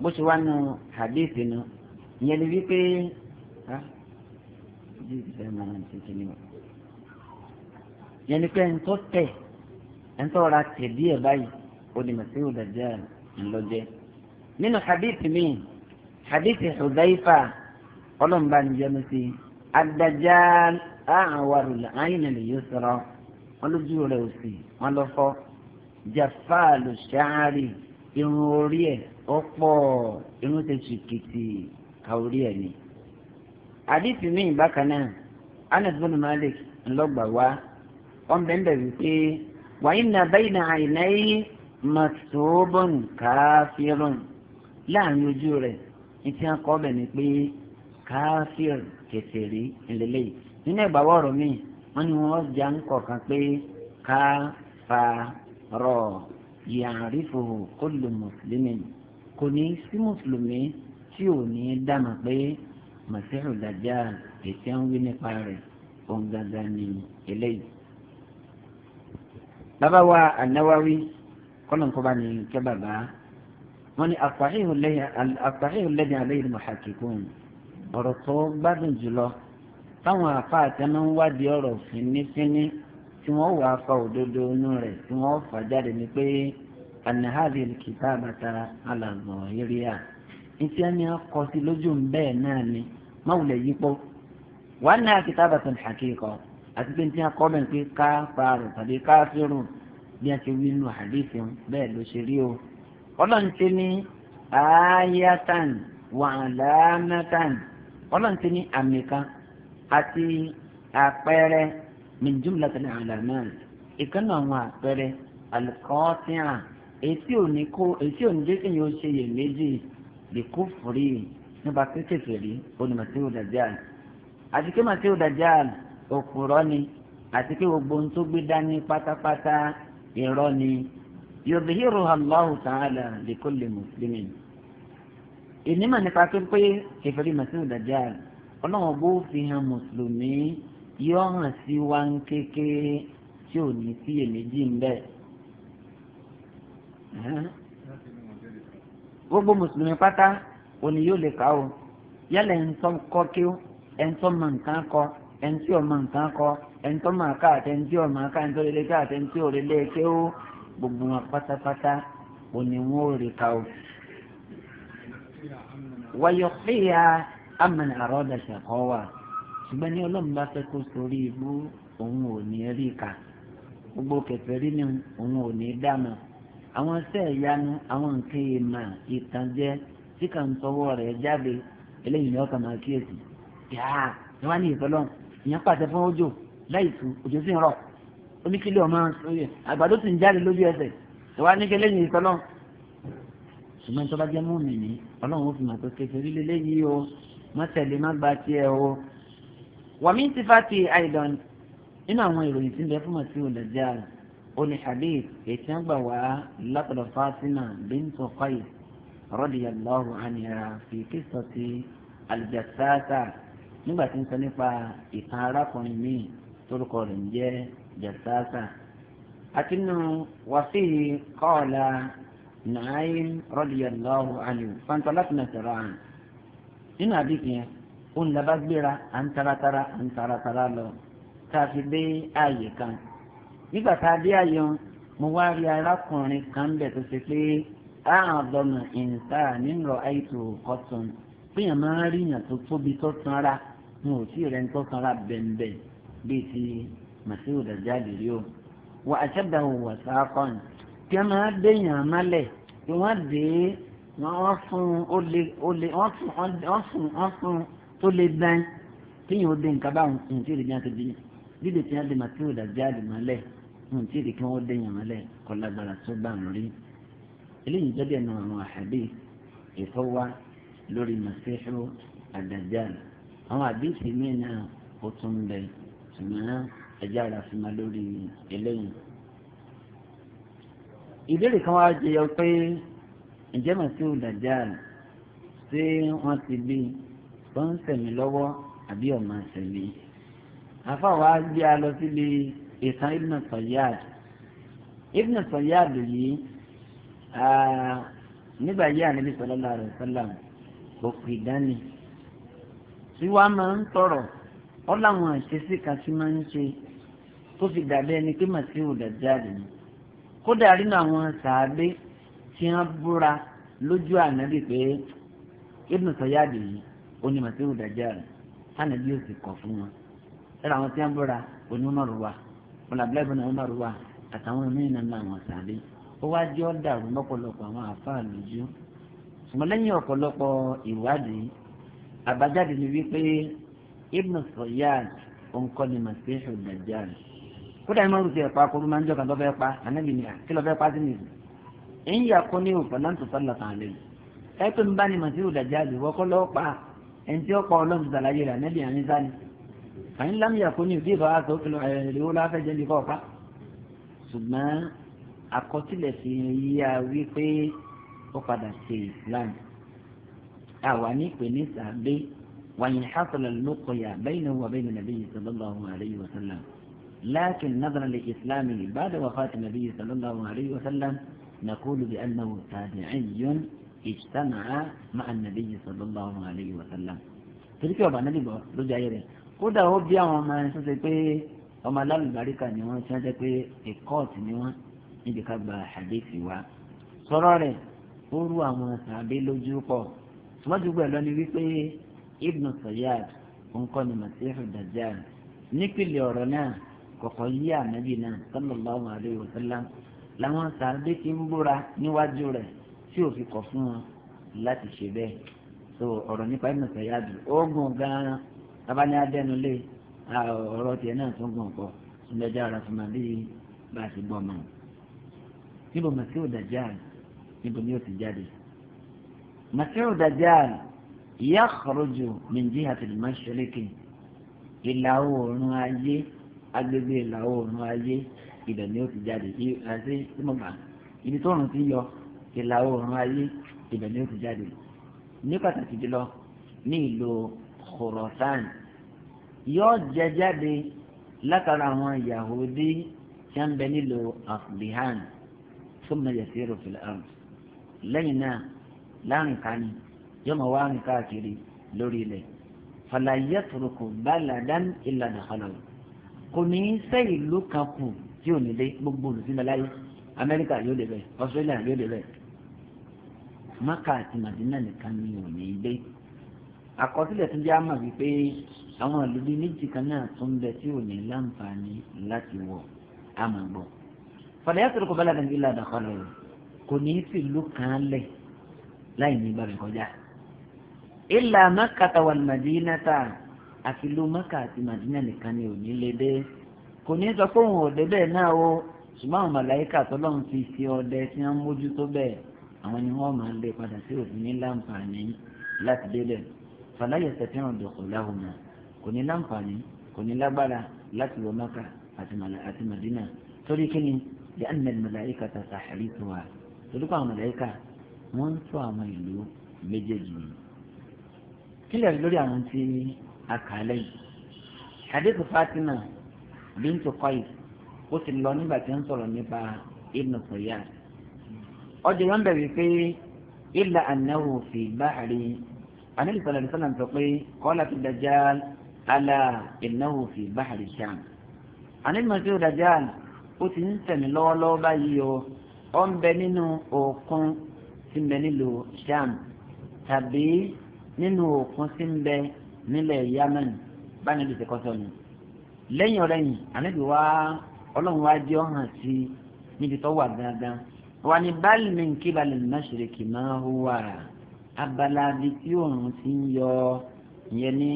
bó ṣe wá nu hadith nu. No ìyẹn ni wípé ìyẹn ni pé ẹni tó tẹ̀ ẹni tó ra tẹ̀ díẹ̀ báyìí ó di màsíwò dàjà ńlọjẹ nínú hadithi mi hadithi Hudhaifa ọlọ́mùbá ni jẹ́ mi sí ad-Dajjal àwàrùlà àyìnà lè yóò sọ̀rọ̀ wọn lójú rẹ̀ ò sí wọn lọ fọ́ jafaalu ṣáárì irun orí ẹ̀ ọ̀pọ̀ irun ti ṣìkìtì àwòrí ẹ̀ ni. àdìsí mi bákan náà Anas bin Malik ńlọgbà wá wọn bẹ ń bẹ wípé wàá iná báyìí náà àìná yìí mọ̀tòbọ̀n káfírùn láàrin ojú rẹ̀ ìtí wọn kọ́ bẹ̀ ni pé káfír kẹsìrì ńlẹ́lẹ́ nínú ìgbàwọ́ ọ̀rọ̀ mi wọ́n ní wọ́n já ń kọ̀ọ̀kan pé káfàrọ̀ yàrífòhò kó lè mùsùlùmí kò ní sí mùsùlùmí tí ò ní dámà pé màsíhù Dajjal ètí à ń wí nípa rẹ̀ òǹgàgà ni eléyìí. bàbá wa An-Nawawi kọ́nà kọ́ba ni kẹ́ bàbá wọ́n ní àpàáyò lẹ́yìn àlẹ́yìn muhakkikun ọ̀rọ̀ tó gbádùn jùlọ táwọn àfa ń wádìí ọ̀rọ̀ fínífíní tí wọ́n wà á fa òdodo inú rẹ̀ tí wọ́n fà jáde ni pé anahadi kìtàbàtà alàgbọ̀n yíríà iṣẹ́ ni a kọ sí lójú bẹ́ẹ̀ náà ni máwùlẹ̀ yípo wàá ní akitaba tó ń hakíkọ àti pé tí a kọ́ bẹ́ẹ̀ pé ká parò tàbí ká fẹ́rù bí a ti wí nù àdéhìí bẹ́ẹ̀ ló ṣe rí o ọlọ́run ti ní ayatan wàhálàmẹ́tàn ọlọ́run ti ní àmì kan àti àpẹẹrẹ min jumlatil alaman ìkànnì àwọn àpẹẹrẹ alukọ́tíà èyí tí ò ní jẹ́ ni ó ṣe iyèméjì yìí bìkúfùrì nípa kékeré onímọ̀tíwò dàjáàlì àti pé mọ̀tíwò dàjáàlì òpùrọ̀ ni àti pé gbogbo ohun tó gbé dání pátápátá irọ́ ni yòbíhìrò Allahu ta'ala lèkólè mùsùlùmí. ìnímọ̀ nípa pé kékeré mọ̀tíwò dàjáàlì ọlọ́wọ́n bó fi hàn mùsùlùmí yóò hàn sí wa ń kékeré tí ò ní síyèméjì ń bẹ́ẹ̀ gbogbo mùsùlùmí pátá òní yóò lè kà ó yálẹ̀ ẹ̀ńtọ́ kọ́ kí ó ẹ̀ńtọ́ mọ nǹkan kọ ẹ̀ńtí ọmọ nǹkan kọ ẹ̀ńtọ́ mọ àká àti ẹ̀ńtí ọmọ àká ẹ̀ńtọ́ lè ká àti ẹ̀ńtí òrè lè ké ó gbogbo wọn pátápátá òní wọn ò lè kà ó. wáyọ̀ péyà amẹ̀nà àrọ́ dàṣẹ̀ kọ́ wà ṣùgbọ́n ní ọlọ́run bá fẹ́ kó sórí ibú òun ò ní rí kà gbogbo kẹfẹ́ rí ni òun ò ní dáná àwọn iṣẹ́ ìyanu àwọn nǹkan ìmọ̀ ìtànjẹ tí kà ń tọwọ́ rẹ̀ jáde eléyìí ni ọkàn máa kíyèsí yàrá ni wọ́n ní ìfẹ́lọ́ ìyẹn pàṣẹ fún òjò láì tu òjò sì ń rọ̀ oníkílẹ̀ ọmọ àgbàdo sì ń jáde lójú ẹsẹ̀ ìwà níkẹ́ lẹ́yìn ìfẹ́lọ́ ṣùgbọ́n tó bá jẹ́ mú mi ní ọlọ́run ó fi màtó kékeré lélẹ́yìí o má tẹ̀lé má gba tiẹ̀ o wàmí ti fa ti àìdán nínú àwọn ìròyìn tí ń bẹ fún màtí ò lẹ́jà rẹ̀ oní hadith ètí wọn gbà wá látọ̀dọ̀ Fatima bintu Qais radiyallahu anha fi qissati al-Jassasa nígbà tí ń sọ nípa ìtàn arákùnrin mi torúkọ rẹ̀ ń jẹ́ Jassasa. akínú wàfíì qala Nu'aym radiyallahu anhu fanta láti nà sọ̀rọ̀ àná nínú àdìsí òun làbá gbéra à lọ káfí dé ààyè kan nígbà tá a dé àyọ mo wá rí arákùnrin kan bẹ̀ tó ṣe pé àádọ́nà ìǹta nínú àìtò kọ́tùn péyàn máa ń ríyàn tó tóbi tó sanra n ò tí ì rẹ́ni tó sanra bẹ̀ǹbẹ̀ bíi ti màsíwò dàjáde rí o wà á ṣẹ́dá òwò sáfọ́n kí wọ́n máa déyàn amálẹ̀ kí wọ́n dé wọ́n fún wọ́n fún tó lé dán kéèyàn ó dé nǹkan báwọn nǹkan tí ò lè jẹun dídè tí wọ́n dé màsíwò dàjáde mọ́lẹ̀ wọn ti rí kí wọ́n dé yàn lẹ́ kọ́ lágbára tó bá ń rí eléyìí tó dẹ̀ nà àwọn àhàdé ìfọwá lórí màsíhù àdàjàl àwọn àdéhùn mí náà ó tún bẹ ṣùgbọ́n ẹja ara fi máa lórí eléyìí. ìbéèrè kan wá jẹyọ pé ǹjẹ́ màsíhù àdàjàl ṣé wọ́n ti bí wọ́n ń sẹ̀mí lọ́wọ́ àbí ọ̀ma sẹ̀mí. àfàwọ̀ á gbé a lọ síbi ìtàn ibn Sayyad ibn Sayyad yìí nígbà yìí ànábi sallallahu alaihi wasallam òkú ìdání tí wàá máa ń sọ̀rọ̀ ọ́ làwọn àṣesí kan tí máa ń ṣe tó fi dàbí ẹni pé màsíwò dàjáde ni kódà nínú àwọn sàábé tí wọ́n búra lójú ànábì pé ibn Sayyad yìí ó ní màsíwò dàjáde ànábì ó sì kọ̀ fún wọn ẹ̀rọ àwọn tí wọ́n búra onímọ̀rọ̀ wa ọ̀làbílẹ̀ bọ́nà ọmọ àrùwà àtàwọn mìíràn náà làwọn sàlẹ̀ ó wá jẹ́ ọ̀dà lọ́pọ̀lọpọ̀ àwọn àfáà lójú ṣùgbọ́n lẹ́yìn ọ̀pọ̀lọpọ̀ ìwádìí àbájáde ni wípé ibn Sayyad òǹkọ́ ni masihu dajjal kódà ẹ máa rú ti ẹ̀pá akóró máa ń jọ kàn lọ́fẹ́ pa ànábì ni kí lọ́fẹ́ pa sí nìyí ẹ̀yìn yàkó ní òfò náà tó sọ́lá kan lè ẹ ń bá ni masihu dajjal wọ́kọ́ lọ́ọ́ pa ẹni tí ó pa ọlọ́run sàlàyé rẹ̀ ànábì àníṣá ni فإن لم يكن يضيفها sókè ló láfẹ́ jẹ́ ní kọ́ọ̀pá ṣùgbọ́n àkọsílẹ̀ fi yíya wípé ó padà ṣe islam àwa ní وإن حصل المقيا بينه وبين النبي صلى الله عليه وسلم لكن نظرا لإسلامه بعد وفاة النبي صلى الله عليه وسلم نقول بأنه تابعي اجتمع مع النبي صلى الله عليه وسلم تركوا بأن النبي رجع يري kódà ó bí àwọn ọmọ ẹni tó ṣe pé ọmọ alálùbáríkà ni wọ́n ṣáájú pé ẹ̀kọ́ọ̀tì ni wọ́n níbi ká gba àdéhìí wa sọ̀rọ̀ rẹ̀ ó rú àwọn tàbí lójú pọ̀ ṣùgbọ́n jù gbẹ̀ lọ ni wípé ibnu sayyad òǹkọ́ ni masihu dajjal nípìnlẹ̀ ọ̀rọ̀ náà kọ̀kọ́ yí ànábì náà sallallahu alayhi wa sallam làwọn tàbí ti ń búra níwájú rẹ̀ tí ò fi kọ̀ fún wọn láti ṣe bẹ́ẹ̀ so ọ̀rọ̀ nípa ibnu sayyad ó gan-an abáni adẹnulé ọ̀rọ̀ tiẹ̀ náà tún gùn pọ̀ ńlẹ́jà ara fún ma bíi bá a ti gbọ́ ọmọ níbo masiru dajjal níbo ni ó ti jáde masiru dajjal yakhruju min jihati al-mashriqi ìlà oòrùn ayé agbègbè ìlà oòrùn ayé ibẹ̀ ni ó ti jáde àti ìmọ̀gbà ibi tó rùn ti yọ ìlà oòrùn ayé ibẹ̀ ni ó ti jáde ní pàtàkì jùlọ ní ìlú Khurasan yóò jẹ jáde látara àwọn Yahudi tí wọ́n bẹ nílò Asbihan thumma yasiru fil ard lẹ́yìn náà láàrin kání yóò máa wá rìn káàkiri lórí ilẹ̀ fala yatruku baladan illa dakhalahu kò ní í ṣe ìlú kan kù tí ò ní dé gbogbo olùsílẹ̀ láyé amẹ́ríkà yóò débẹ̀ australia yóò débẹ̀ maka àti madina nìkan ni ò ní í dé àkọsílẹ̀ tó jẹ́ àmà wípé àwọn àlùbí méjì kan náà tó ń bẹ tí ò ní láǹfààní láti wọ̀ àmà gbọ́. fọdà yàtọ̀ lóko bala kan ilé àdàkọ rẹ̀ kò ní í sì lù kàn lẹ̀ láì ní ibà rẹ̀ kọjá. ilà mákàtà wà màdínà ta àfi lu mákà àti màdínà nìkan ni ò ní lè dé kò ní sọ pé òun ò dé bẹ́ẹ̀ náà o ṣùgbọ́n àwọn màláyíkà tọ́lọ́run ti ṣe ọdẹ tí wọ́n mójútó bẹ́ẹ̀ àwọn ni wọ́n máa ń lè padà sí òfin ní láǹfààní láti délẹ̀ fàlàyé sẹ̀tìrán dọ̀kọ̀ láhùnmá kò ní láǹfààní kò ní lágbára láti wọ mẹ́ka àti màdínà torí kí ni di àná màláìka ta sàhárì tó wa torí kó àwọn màláìka wọ́n ń tó àwọn ìlú méjèèjì ni. kílẹ̀ lórí àwọn tí a kà á lẹ́yìn hadith fatima bintu qais ó ti lọ nígbà tí ń sọ̀rọ̀ nípa ibnu sayyad ọjọ́ wọn bẹ̀rẹ̀ pé illa annahu anabi sallallahu alaihi wasallam sọ pé kọ́lá fi dajjal ala innahu fi bahri sham anabi mọ̀ sí o dajjal ó ti ń sẹ̀mí lọ́wọ́lọ́wọ́ báyìí o ó ń bẹ nínú òkun tí ń bẹ nílùú sham tàbí nínú òkun tí ń bẹ nílẹ̀ yemen báyìí níbi ìṣẹ̀kọ́ sọ̀nù lẹ́yìn ọ̀rẹ́yìn anabi wa ọlọ́run wa jẹ́ ọ̀hàn sí níbi tó wà gángan wà ní báyìí ní kíbalẹ̀ ní mashiriki máa hùwà abala bi tí òòrùn ti ń yọ ìyẹn ní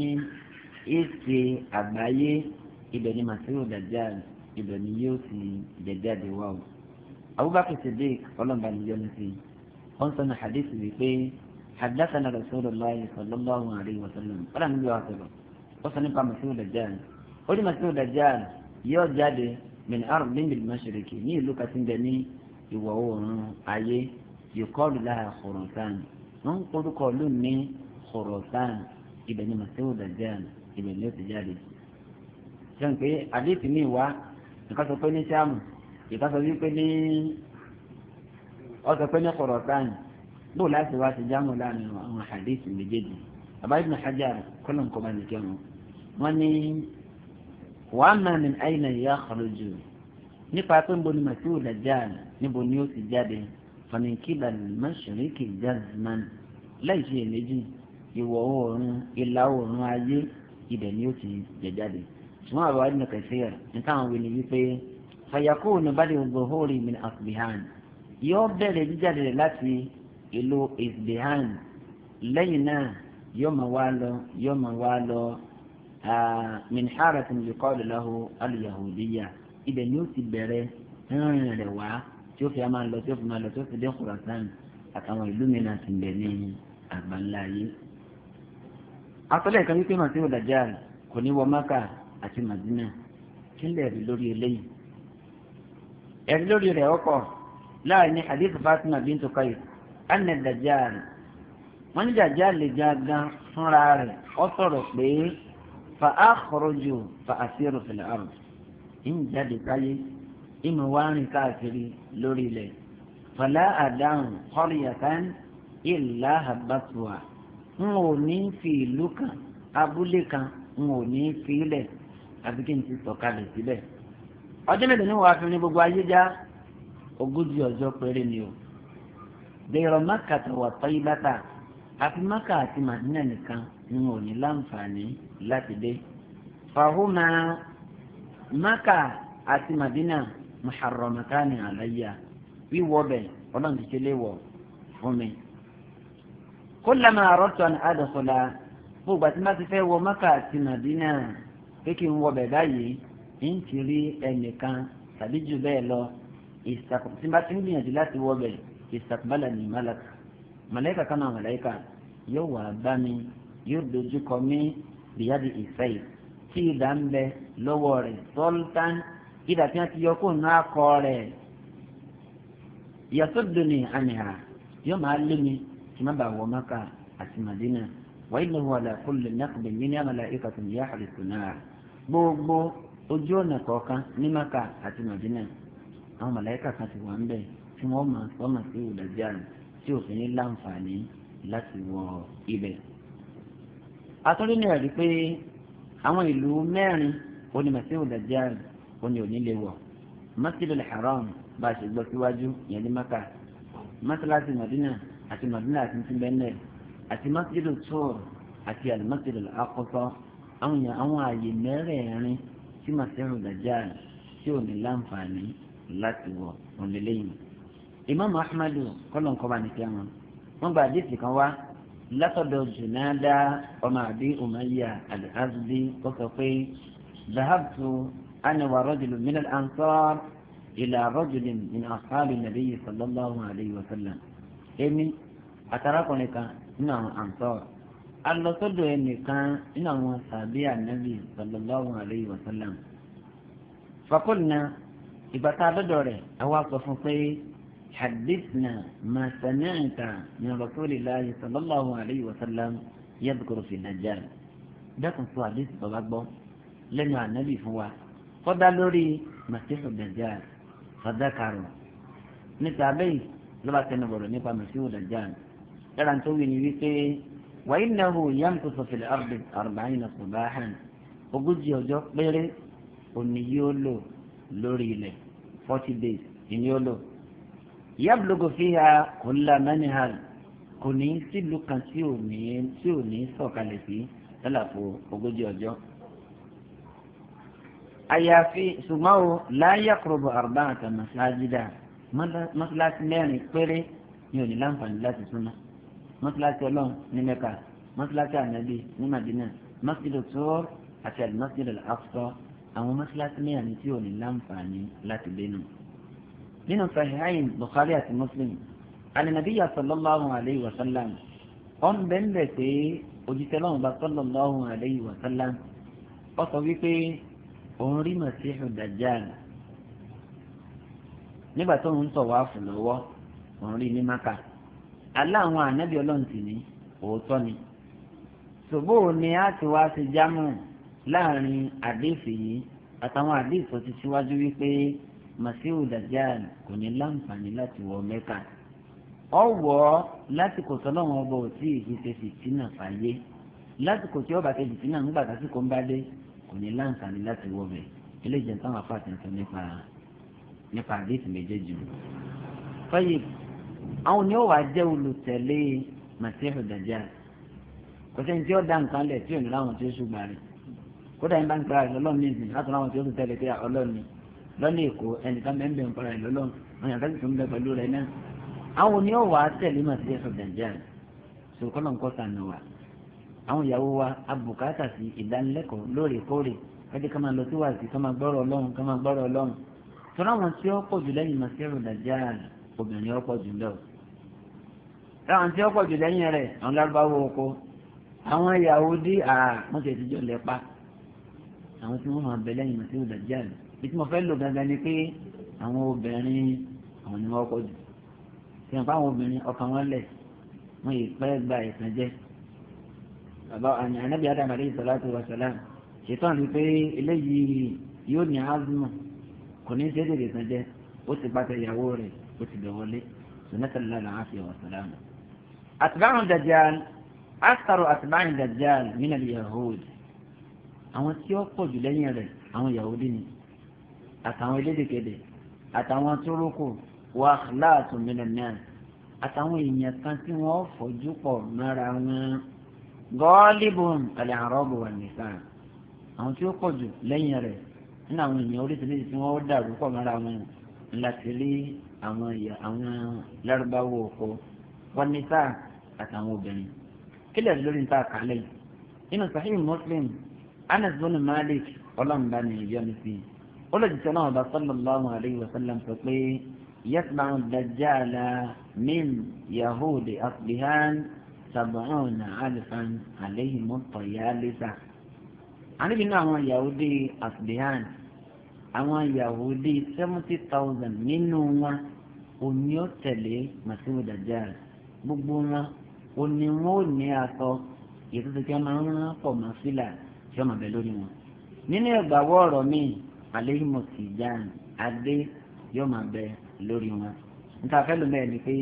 èsì àgbáyé ibẹ̀ ni màsíwò dajjal ibẹ̀ ni yóò ti jẹjáde wá o. abubakar sadiq ọlọ́mọba ni yọnu sí wọn sọ ní hadith wípé hadathana rasulullah sallallahu alayhi wa sallam wọn làwọn ibi wa sọ̀rọ̀ wọn sọ nípa màsíwò dajjal ó ní màsíwò dajjal yóò jáde min arabin bil mashriqi ní ìlú katin ní ìwọ̀ oòrùn ayé yìí kọ́ lù wọ́n ń korúkọ lónìí Khurasan ibẹ̀ ni masiwu dajjal ibẹ̀ ni ó ti jáde sọ̀rọ̀ pé àdéhùn mi wá nǹkan sọ pé ní sáàmù nǹkan sọ wípé ní ọ̀sọ̀ pé ní Khurasan lóò láti wá ti jáàmù láàrin àwọn àdéhùn méjèèjì àbáyé ibn Hajar kọ́lọ̀ nǹkan bá nìkẹ́ wọn wọ́n ní wàá máa min ayna yakhruju nípa pé níbo ni masiwu dajjal níbo ni ó ti jáde fanikiba mashiriki jazman láìsí èméjì ìwọ̀ oòrùn ìlà oòrùn ayé ibẹ̀ ni ó ti jẹjáde ṣùgbọ́n àbá wàdí nìkan sí ẹ̀ nǹkan àwọn wí ni wípé fàyàkó ní bá lè gbọ́ hóòrì mi ní asbihan yóò bẹ̀rẹ̀ jíjáde rẹ̀ láti ìlú isbihan lẹ́yìn náà yóò máa wá lọ yóò máa wá lọ minhara tó ń lè ọ̀dọ̀ lọ́hùn al-yahudiyya ibẹ̀ ni ó ti bẹ̀rẹ̀ rìnrìn rẹ̀ wá tí ó fi máa lọ tí ó fi máa lọ tí ó fi dé Khurasan àtàwọn ìlú mìíràn sì ń bẹ ní àgbáńlá yìí. asọ́lẹ̀ kan wípé màsí òdàjà kò ní wọ Mákà àti Màdínà kí lè rí lórí eléyìí. ẹ̀rí lórí rẹ̀ ọkọ̀ láàrin hadith Fatima bintu Qais anna Dajjal wọ́n ní Dajjal àlè gangan fúnra rẹ̀ ọ sọ̀rọ̀ pé fa akhruju fa asiru fil ard ń káyé ìmọ̀ wá rìn káàkiri lórí ilẹ̀ fàlà àdáhùn kọ́rìyàtàn ìlà àbátùwà n ò ní fi ìlú kan abúlé kan n ò ní fi ilẹ̀ àbí kí n ti sọ̀kalẹ̀ síbẹ̀ ọjọ́ mẹ́ta ni wàá fi ní gbogbo ayé já ogójì ọjọ́ péré ni o dèrò mákàtà wà tọ́yìbátà àfi mákà àti màdínà nìkan ni ò ní láǹfààní láti dé fàhùmà mákà àti màdínà muharramatani alayya wíwọ bẹ ọlọ́run ti ṣe léwọ̀ fún mi. kullama aradtu an adkhula gbogbo àti má ti fẹ́ wọ Mẹ́kà àti Màdínà pé kí n wọ bẹ̀ báyìí ń ti rí ẹnìkan tàbí jù bẹ́ẹ̀ lọ tí n bá ti ń gbìyànjú láti wọ bẹ̀ ìsàkúbálà ní málàkà màláìkà kan náà màláìkà yóò wà bá mi yóò dojú kọ mí bìyàdì ìfẹ́ yìí tí ìdá ń bẹ lọ́wọ́ rẹ̀ sultan ìdà tí wọ́n ti yọ kó nù akọ rẹ̀ yàtọ̀ dùnì àníhà yóò máa lé mi kí má bàa wọ maka àti màdínà wàá ilé wa la kó lè nàkùnbẹ̀ mí ní àmàlà ìkàtún yá àlùkò náà gbogbo ojú ọ̀nà kọ̀ọ̀kan ní maka àti màdínà àwọn màláìka kan ti wà ń bẹ̀ tí wọ́n mọ̀ wọ́n mọ̀ sí ìwòlẹ́jà tí òfin ní láǹfààní láti wọ ibẹ̀. atọ́lẹ́nu ẹ̀rí pé àwọn ìlú mẹ́rin onímọ̀sí ìwòlẹ́jà rẹ̀ ó ní òní lè wọ̀ masjidul haram bá a ṣe gbọ́ síwájú yẹn ní maka masalasi madina àti madina àti tìbẹ́nẹ̀ àti masjidul tóor àti alimasjidul akọ́sọ́ àwọn yẹn àwọn ààyè mẹ́rẹ̀ẹ̀rin tí masiru dajjal tí ò ní láǹfààní láti wọ̀ òǹlẹ́lẹ́yìn imam ahmadu kọ́lọ̀ nǹkan bá ní kí wọn wọn gba àdéhùn kan wá látọ̀dọ̀ jùnádà ọmọ àbí umayya al-azdi ó sọ pé zahabtu أنا ورجل من الأنصار إلى رجل من أصحاب النبي صلى الله عليه وسلم èmi àtàràkùnrin kan nínú àwọn ansor a lọ sọ́dọ̀ ẹnìkan nínú àwọn sàbí ànábì sallallahu alayhi wa sallam fakulna ìgbà tá a lọ́dọ̀ rẹ̀ a wá sọ fún pé hadithna ma sami'ta min rasulillahi sallallahu alayhi wa sallam yadhkuru fi najjar dákun sọ hadith bàbá gbọ́ lẹ́nu ànábì fún wa tọ́dá lórí màsíhù dajjal fàdákàrò níta abẹ́yì lọ́ba tẹnu bọ̀rọ̀ nípa màsíhù dajjal yàrá tó wí ni wípé wa innahu yamkusu fil ardi arba'ina sabahan ogójì ọjọ́ péré òní yóò lò lórí ilẹ̀ forty days ìní yóò lò yablugu fiha kulla manhal kò ní sílùú kan tí ò ní sọ̀kalẹ̀ sí lálàfo ogójì ọjọ́ àyàfi ṣùgbọ́n o láyà kúròbù àrùbá àtà mọ́ṣáájídà mọ́ṣáláṣí mẹ́rin péré ni ò ní láǹfààní láti súnmọ́ mọ́ṣáláṣí ọlọ́run ní mẹ́ka mọ́ṣáláṣí ànábì ní màdínà mọ́ṣílù tóor àti àdìmọ́ṣílù àfọ́ àwọn mọ́ṣáláṣí mẹ́rin tí ò ní láǹfààní láti dénú. nínú sahihain bukhari àti muslim alinabiya sallallahu alayhi wa sallam ọ̀n bẹ́ẹ̀ bẹ́ẹ̀ pé òjíṣẹ́ òun rí màsíhù dàjáàl nígbà tó ń tọ̀ wá fún lọ́wọ́ òun rí ní maka aláwọn ànábì ọlọ́run sì òótọ́ ni ṣòbó ni a ti wá ṣe jámù láàrin àdéhùn yìí àtàwọn àdéhùn tó ti síwájú wípé màsíhù dàjáàl kò ní láǹfààní láti wọ mẹ́ka ọwọ́ lásìkò tọ́lọ́wọ́n ọba ò tí ì fi ṣe fìtínà fàyè lásìkò tí ọba ṣe fìtínà ńgbà tásìkò ń bá dé kò ní láǹfààní láti wọ bẹ̀ eléyìí jẹ́ táwọn afáàtì ń sọ nípa nípa àdéhùn méjèèjì mu. fẹ́yì àwọn ni ó wàá jẹ́ olùtẹ̀lé màsíhù dàjà kò sẹ́ni tí ó dá nǹkan lẹ̀ tí ò ní láwọn tí ó ṣùgbọ́n rẹ̀ kódà yín bá ń pera rẹ̀ lọ́lọ́run ní ìsìn látọ̀ láwọn tí ó tún tẹ̀lé pé ọlọ́run ni lọ́nà èkó ẹnìkan mẹ́ńbẹ̀ ń pera rẹ̀ lọ́lọ́run àwọn yàtọ̀ sì tún bẹ pẹ̀lú rẹ̀ náà àwọn ni ó wàá tẹ̀lé màsíhù dàjà sòkòlò àwọn ìyàwó wa abùkátà sí ìdánilẹ́kọ̀ọ́ lóòrèkóòrè kájí ká máa lọ síwájú ká máa gbọ́rọ̀ ọlọ́run ká máa gbọ́rọ̀ ọlọ́run tọ́lá wọn tí ó pọ̀ jù lẹ́yìn masiru dajjal obìnrin ó pọ̀ jù lọ. táwọn tí ó pọ̀ jù lẹ́yìn rẹ̀ àwọn lárúbáwò oko àwọn Yahudi wọ́n ti ẹ̀tìjọ́ lẹ́pa àwọn tí wọ́n máa bẹ lẹ́yìn masiru dajjal bí tí mo fẹ́ lò gangan ni pé àwọn obìnrin àwọn ni wọ́n pọ̀ jù. sèǹpá àwọn obìnrin ọkàn wọn lẹ̀ wọ́n yìí pẹ́ gba ìtànjẹ́ bàbá ànábì adam aleyhi salatu wa salam ṣètò àti pé eléyìí yóò ní azuma kò ní ṣe é dèrè tán jẹ ó ti pàtẹ ìyàwó rẹ ó ti bẹ wọlé sunatala làásì wa salamu. atba'u dajjal aktharu atba'i dajjal min al-yahud àwọn tí ó pọ̀ jù lẹ́yìn rẹ̀ àwọn yahudi ni àtàwọn elédèkéde àtàwọn túrúkù wà láàtúnmínà àtàwọn èèyàn kan tí wọ́n fọ́jú pọ̀ mọ́ra wọn gọ́ọ́lìbùn al-a'rab wan-nisaa àwọn tí ó pọ̀ jù lẹ́yìn rẹ̀ nínú àwọn èèyàn oríṣiríṣi tí wọ́n dàrú pọ̀ mọ́ra wọn láti rí àwọn àwọn lárúbáwò oko wan-nisaa àtàwọn obìnrin kílẹ̀ lórí níta kálẹ̀ nínú Sahih Muslim Anas bin Malik ọlọ́mùbá ni ìyọ́nu sí i olùdíje náà bá sallallahu alayhi wa sọ pé yasma'u ad-dajjala min yahudi aslihan sàbọ̀nà àlìfàn àléhìn mọ́tò yá lẹ́sà. àníbi náà àwọn yahudi asbihan àwọn yahudi seventy thousand nínú wọn òní ó tẹ̀lé masiwu dajjal gbogbo wọn òní wọn ò ní aṣọ ètò tó kí wọn máa ń rán pọ̀ mọ́ fìlà tí wọn máa bẹ lórí wọn. nínú ìgbàwọ́ ọ̀rọ̀ mi àléhìn mọ́tò yá adé yóò máa bẹ lórí wọn. níta fẹ́ lómi ẹ̀ ni pé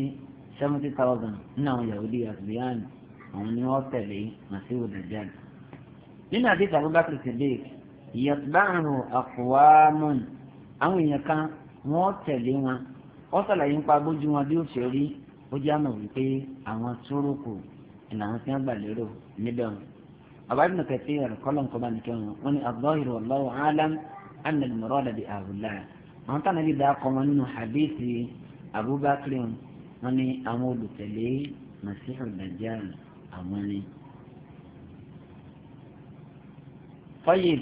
seventy thousand nínú àwọn yahudi asbiyan àwọn ni wọ́n tẹ̀lé masiwu dajjal nínú àti ìtàgé bákìrì sèdèk yatba'uhu aqwamun àwọn èèyàn kan wọ́n tẹ̀lé wọn wọ́n sàlàyé ń pa bójú wọn bí ó ṣe rí ó jẹ́ àmọ̀ wípé àwọn túrúkù ìlànà tí wọ́n gbà lérò níbẹ̀ wọn. àbájáde kẹfì ẹ̀rọ̀kọ́lọ́nkọ́ bá nìkẹ́ wọn wọn ni abdulhir wallahu alam anna al-murada bi àwọn táwọn ẹbí dáa kọ́ wọn nínú hadithi abubakar wọ́n ní àwọn olùtẹ̀lé masihu dajjal àwọn ni. fọyìn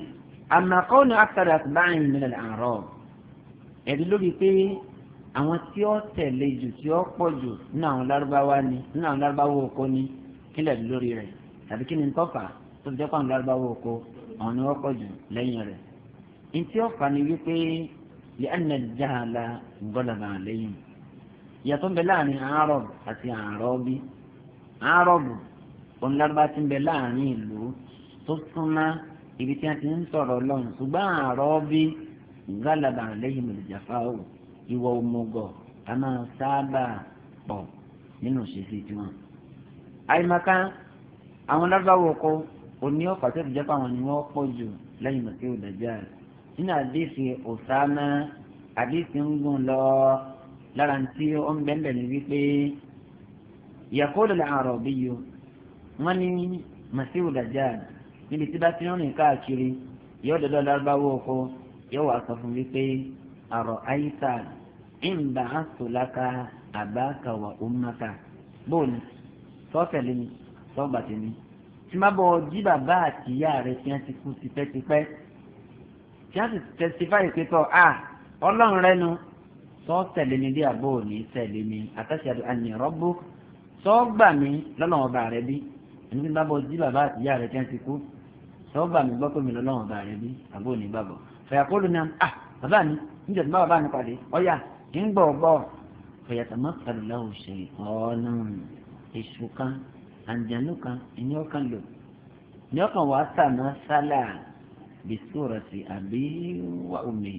àmàkọ́nù akara báyìí nílẹ̀ àárọ̀ ẹ̀rí lórí pé àwọn tí ó tẹ̀lé jù tí ó pọ̀ jù nínú àwọn lárúbáwá ni nínú àwọn lárúbáwá oko ni kílẹ̀ lórí rẹ̀ tàbí kí ni tọ́fà tó fi jẹ́ pàmò lárúbáwá oko àwọn ni wọ́n pọ̀ jù lẹ́yìn rẹ̀ ntí ó fà wípé lẹ́yìn náà jáàlá gbọ́dọ̀ bàá lẹ́yìn ìyàtọ̀ ń bẹ láàrin arab àti arabi arab onílárúbá ti ń bẹ láàrin ìlú tó súnmọ́ ibi tí a ti ń sọ̀rọ̀ lọ́hùn ṣùgbọ́n arabi galaba lẹ́yìn olùjàfáwò ìwọ òmùgọ̀ a máa sábà pọ̀ nínú ìṣesí tiwọn. àyèmàkà àwọn lárúbáwò kọ òní ọkọ̀ àti ìjọba àwọn ni wọ́n pọ̀ jù lẹ́yìn mọ̀tí òdàjà nínú àdéhìí òsánà àdéhìí ń gùn lọ́ọ́ lára tí ó ń bẹ́ẹ̀ ní wípé yaqulu al-arabiyyu wọ́n ní masiwu dajjal níbi tí bá ti rìn káàkiri yóò dọ́dọ́ lárúbáwò oko yóò wá sọ fún wípé àrò àyíká ìmbà àsòláka àbáka wà ummaka bóòlù sọ́ọ̀tẹ̀lé mi sọ́ọ̀gbà tèmi tí má bọ̀ jí bàbá àti ìyá rẹ̀ tí wọ́n ti kú tipẹ́tipẹ́ tí wọ́n ti tẹ̀sífáì pé a ah, ọlọ́run rẹ nu sọ tẹ̀lé mi bí àbò ní tẹ̀lé mi àtàṣàdù àní rọ́bù sọ gbà mí lọ́nà ọba rẹ bí ẹni bí bábọ̀ jí bàbá àtìyá rẹ tẹ́ ti kú sọ gbà mí gbọ́ pé mi lọ́nà ọba rẹ bí àbò ní bàbọ̀ fẹ̀yàkóló ni à ah, bàbá mi níjọ tí bàbá mi pàdé ọ̀yà kì ń gbọ̀ gbọ́ fẹ̀yàtàmọ́ kàlùlá òṣèré ọ̀ọ́nà èṣù kan àǹjànú kan ẹni ọ̀kan lò ní ọ̀kan wàá sàmọ́ sálà bìsúrọ̀sì àbí wà omi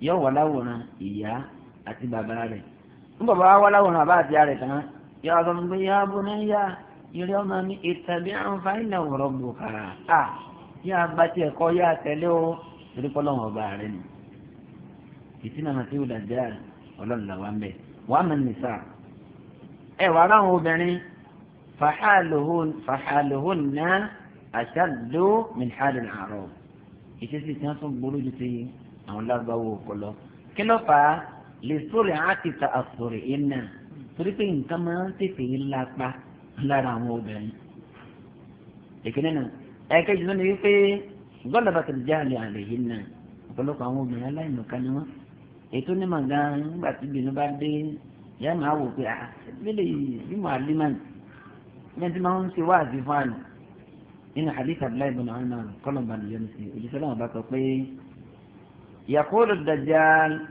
yóò wà láwòrán ìyá àti bàbá rẹ̀ ń bàbá wa wà láwòrán bàbá àti àrẹ̀ tán yóò sọ fún pé yá bó ní yá ilé ọmọ mi ìtàbí àwọn fáìlà ọ̀rọ̀ bò kàrà á yá bá tiẹ̀ kọ́ yá tẹ̀lé o torí pé ọlọ́run ọba rẹ̀ ni ìtìnà àti ìwòdàjà ọlọ́run làwọn bẹ̀ wàá mọ̀ nìsà ẹ wàá ráwọn obìnrin fàhálùhùn fàhálùhùn náà àṣàlù mìíràn àrọ̀ ìṣesí tí wọ́n tún gbólójú ti àwọn lárúbáwò kọ lọ kí ló fà á lè sórí àtìta àsòrè iná torí pé nǹkan máa ń tètè lápá lára àwọn obìnrin ìkíní náà ẹ̀ẹ́kejì náà ni wípé gbọ́dọ̀ bá tẹ̀lé jáàlì àlè yìí náà ọ̀pọ̀lọpọ̀ àwọn obìnrin aláìmọ̀ká ni wọ́n ètò onímọ̀ gan-an nígbà tí bìnú bá dé ìyá máa wò pé ah lélẹ̀ bí mo àlímọ̀ ní ẹni tí máa ń ṣe wáàzì fún àná nínú àdìsí àbúláì àwọn náà kọ́lọ̀ bá sí òjíṣẹ́ يقول الدجال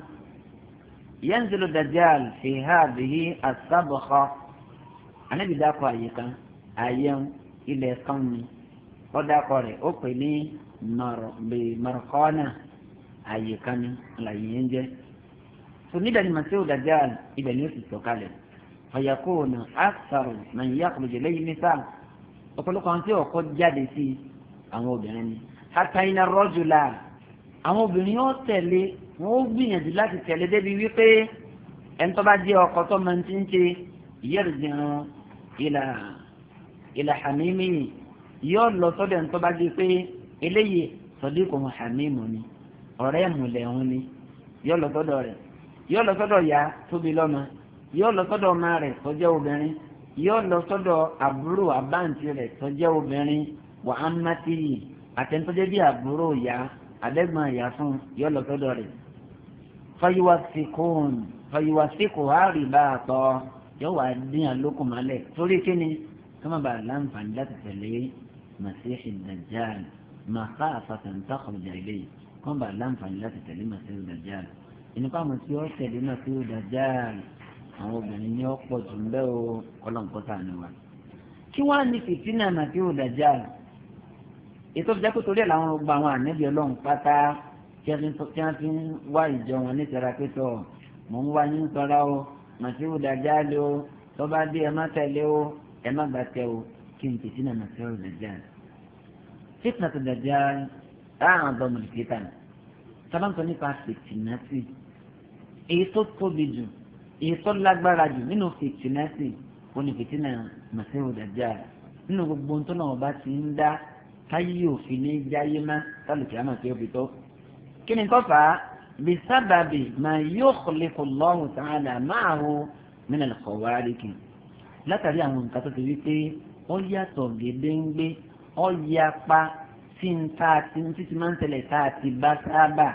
ينزل الدجال في هذه الصبخة أنا بداك أيكا أيام إلى قومي وذاك أقلي مر بمرقانة أيكا لا ينجي فنبدأ المسيح الدجال إذا يوسف سكالي فيكون أكثر من يخرج إليه نساء ọ̀pọ̀lọpọ̀ àwọn tí ọkọ jáde sí حتى إن ni àwọn obìnrin yóò tẹ̀lé wọn ó gbìyànjú láti tẹ̀lé débi wípé ẹni tó bá jẹ́ ọkọ tó máa ń ti ń ṣe yẹ́rìndínrún ìlà ìlà hàmímì yóò lọ sọ́dọ̀ ẹni tó bá jẹ́ pé eléyìí sọ̀díkùn hàmímù ni ọ̀rẹ́ mùlẹ̀ òun ni yóò lọ sọ́dọ̀ rẹ̀ yóò lọ sọ́dọ̀ ya tóbi lọ́mọ yóò lọ sọ́dọ̀ ọmọ rẹ̀ tó jẹ́ obìnrin yóò lọ sọ́dọ̀ àbúrò àbáǹtí rẹ̀ tó jẹ́ obìnrin wàhámátì àtẹnudọ́jẹ́ bí àbúrò ya àbẹ́gbọ̀n ìyá fún yọ lọ sọ́dọ̀ rẹ̀ fayiwasikun fayiwasikun àárí bá a tọ́ yọ wà dín àlókùn mọ́lẹ̀ torí kíni kí wọ́n bá láǹfààní láti tẹ̀lé màsíhì dàjáàl màkà àfàtàǹtà ọ̀jà ilé kí wọ́n bá láǹfààní láti tẹ̀lé màsíhì dàjáàl ìnípa àwọn tí wọ́n tẹ̀lé màsíhì dàjáàl àwọn obìnrin ni wọ́n pọ̀ jù o ọlọ́nkọ́ta ni wa kí wọ́n á ní fìtínà màsíhì dàjáàl ètò ìjẹ́ pé torí ẹ̀ làwọn gba àwọn ànẹ́bí ọlọ́run pátá kí wọ́n ti ń wá ìjọ wọn nítorí pé tọ̀ mò ń wá yín sọ́ra o màsíwò dàjà lé o tó bá dé ẹ má tẹ̀lé o ẹ má gbà tẹ o kí n tètè náà màsíwò dàjà. fitna tó dàjà láàrín ọ̀dọ́ mọ̀lìkítà ni sábàǹtọ̀ nípa fìtìnásì èyí tó tóbi jù èyí tó lágbára jù nínú fìtìnásì ó ní fìtìnà màsíwò dàjà nínú gbogbo ohun tó náà ọba ti ń dá táyé òfin ní jáyé má sálùkì àmọ̀ tí ó fi tó. kí ni tó fà á bí sábàbí máa yóò kọ́lékò lọ́hùn sáàlà máa ho mìíràn kọ̀ wá lékè. látàrí àwọn nǹkan tó ti wí pé ó yàtọ̀ gédéńgbé ó yapa tí ń ta tí ń títí máa ń tẹ̀lé tá a ti bá sábà.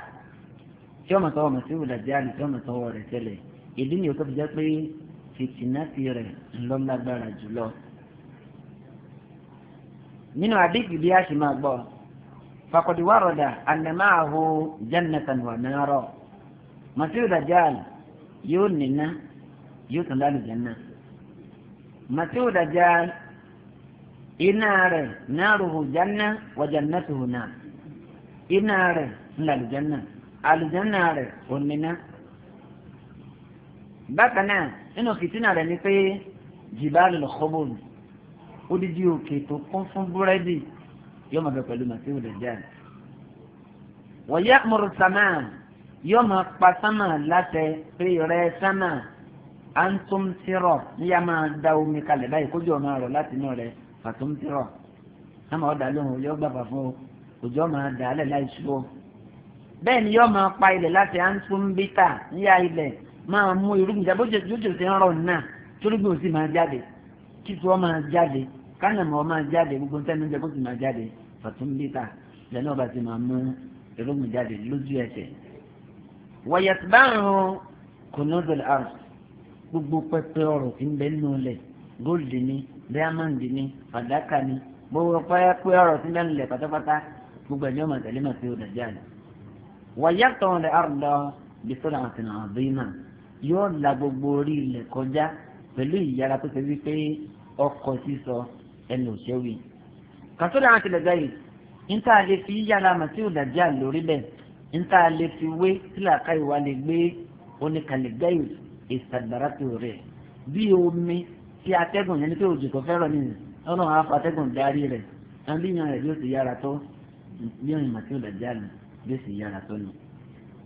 tí ọmọ tọwọ́ mọ̀ sí ìwòlàjẹ́ àná tí ọmọ tọwọ́ rẹ̀ tẹ̀lé ìdí ni ó fi jẹ́ pé fìtìnà ti rẹ̀ ńlọ́lágbára jùlọ nínú àdéhùn bí a ṣe máa gbọ́ faqad warada anna ma'ahu jannatan wa nara masiru dajjal yóò nínà yóò tún lálù janna masiru dajjal iná rẹ̀ naruhu janna wa jannatuhu náà iná rẹ̀ ńlá àlùjánná àlùjánná rẹ̀ ònínà bákan náà nínú fìtínà rẹ̀ ni pé jìbá lọ́lọ́ kọ́bọ̀lù odidi òkè tó kún fún búrẹ́dì yóò máa bẹ pẹ̀lú màsíwò dẹ̀jáde wọ̀yẹ́ mùrùsàmà yóò máa pa sánmà látẹ pé rẹ sánmà à ń tún tirọ̀ níyà máa da omi kalẹ̀ báyìí kójú ọ̀nà rọ̀ láti inú rẹ̀ fàtún tirọ̀ sánmà ọ̀dà lóhùn yóò gbàgbà fún o òjò máa dà á lẹ̀ láì ṣúwọ́ bẹ́ẹ̀ ni yóò máa pa ilẹ̀ láti à ń tún bítà níyà ilẹ̀ máa mú irúgbìn jábójú tó ń rọ̀ náà torí gbòòsì máa jáde kí tí wọ́n máa jáde kánà mọ̀ máa jáde gbogbo tẹ́nu jẹ́ kó sì máa jáde fàtún bíta lẹ́nu ọba ti máa mú irúgbìn jáde lójú ẹsẹ̀. wọ̀yẹ̀tìbáàrún kònódòlù house gbogbo pẹpẹ ọrọ̀ tí ń bẹ nínú ilẹ̀ góòlù ni diamond ni fàdákà ni gbogbo pẹpẹ ọrọ̀ tí ń bẹ nínú ilẹ̀ pátápátá gbogbo ẹni ọmọ tẹ̀lé màtí ò dàjà ni. wọ̀yẹ̀tọ̀ lẹ́ àrùndọ̀ bisola àti nàbíyìmá ẹnu òṣèwì kàtó làwọn tilẹ̀ gáyì níta lè fi yíyára màsíù dàjà lórí bẹ́ẹ̀ níta lè fi wé sílàkà ìwà lè gbé oníkàlẹ̀ gáyì ìsàgbàràtò rẹ̀ bí omi tí atẹ́gùn yẹn ní pé òjò kò fẹ́ràn nìyẹn ọlọ́run á fọ atẹ́gùn darí rẹ̀ àbíyàn rẹ̀ yóò sì yára tó yíyan màsíù dàjà lù yóò sì yára tó lù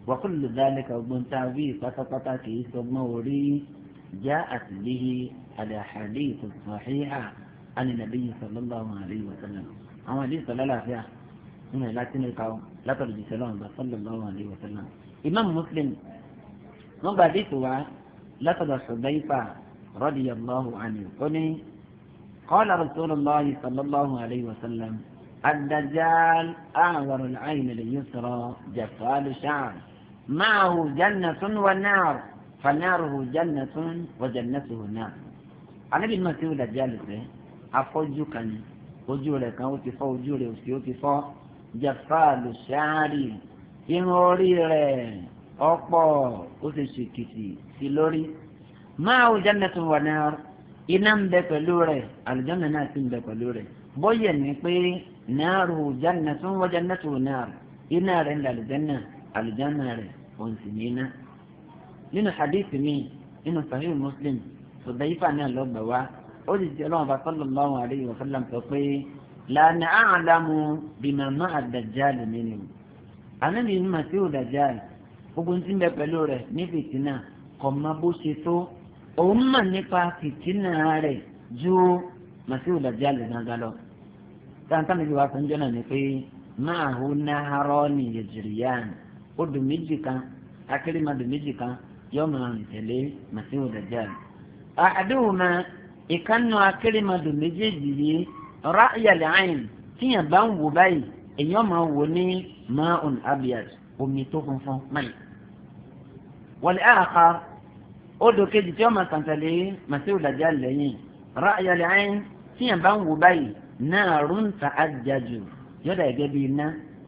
wàkúlù dáálẹ́ka ọgbọ́n tá wí pátápátá kì í sọgbọ́n orí já àtìlẹ́yìn àdàhàdì ìtòsàn عن النبي صلى الله عليه وسلم أما دي صلى الله عليه وسلم لا تنين قوم لا ترجي سلام صلى الله عليه وسلم إمام مسلم ما بديت هو لا حذيفة رضي الله عنه قني قال رسول الله صلى الله عليه وسلم الدجال أعور العين اليسرى جفال شعر معه جنة ونار فناره جنة وجنته نار عن ابن مسعود فيه afọ́jú kan ni ojú rẹ̀ kan ó ti fọ́ ojú rẹ̀ òsì ó ti fọ́ jafalu ṣáárì irun orí rẹ̀ ọ̀pọ̀ ó ti ṣèkìtì sí lórí máa wù jannatu wà náà iná ń bẹ pẹ̀lú rẹ̀ àlùjànnà náà sì ń bẹ pẹ̀lú rẹ̀ bóyá ní pé náàrù jannatu wà jannatu náà iná rẹ̀ ń da àlùjànnà àlùjànnà rẹ̀ òun sì ní iná. nínú hadith mi nínú sahih muslim sọ̀dọ̀ ifá náà lọ́gbà wá ó sì jẹ́ ọlọ́run bá sallallahu alayhi wa sallam sọ pé lànà àlámù bìmọ̀ mọ́ ad-dajjal minhu ànábì mímọ̀ sí ad-dajjal gbogbo tí ń bẹ pẹ̀lú rẹ̀ ní fìtínà kò mọ bó ṣe tó òun mọ̀ nípa fìtínà rẹ̀ ju masiwu dajjal gangan lọ tantan níbi wàá sanjọ́ náà ni pé máa hu náhárọ́ ni yajiriyan odò méjì kan akérèmọdò méjì kan yọ máa rìn tẹ̀lé masiwu dajjal àdéhùn máa ìkànnà akérèmọdò méjèèjì yìí ráyàlẹ̀ àyìn tíyàn bá ń wò báyìí èèyàn máa wò ní maun abiyad omi tó funfun máì wọlé àkà odò kejì tí wọn máa tàǹtàlé màsíwò làjà lẹ́yìn ráyàlẹ̀ àyìn tíyàn bá ń wò báyìí náà rúntà àjàjù yọ̀dà ẹ̀gẹ́ bíi iná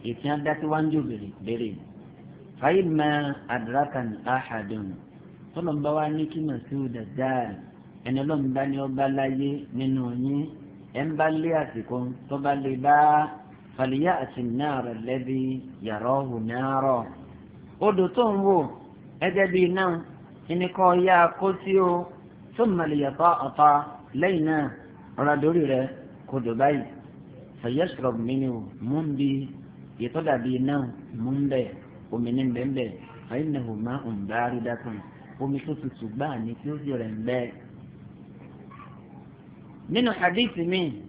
ètí wọn wá ń jò bèrè fàyè máa àdúrà kan áhàdùn tọ́lọ́mbà wa ní kí màsíwò làjà lẹ́yìn ẹni ọlọ́run bá ní ọba láyé nínú yín ẹ ń bá lé àsìkò tó bá lè bá fàlìyà àti náírà lẹ́bi yàrá ọ̀hún náírà odò tó ń wò ẹgẹ́ bíi náà ẹni kọ́ ya kó tí o tó màlìyàtọ̀ ọ̀tọ̀ lẹ́yìn náà ọ̀rọ̀ àdórí rẹ̀ kò dò báyìí fàyẹ́sọ̀rọ̀ mi mú ń bi yẹtọ́ dàbí náà mú ń bẹ̀ omi ní bẹ́ẹ̀ bẹ́ẹ̀ fàyẹ́ nàá hùmá ń bá rí dákùn omi tó tutù gbáà ní tí ó sì rẹ̀ ń bẹ́ẹ̀ nínú hadith mi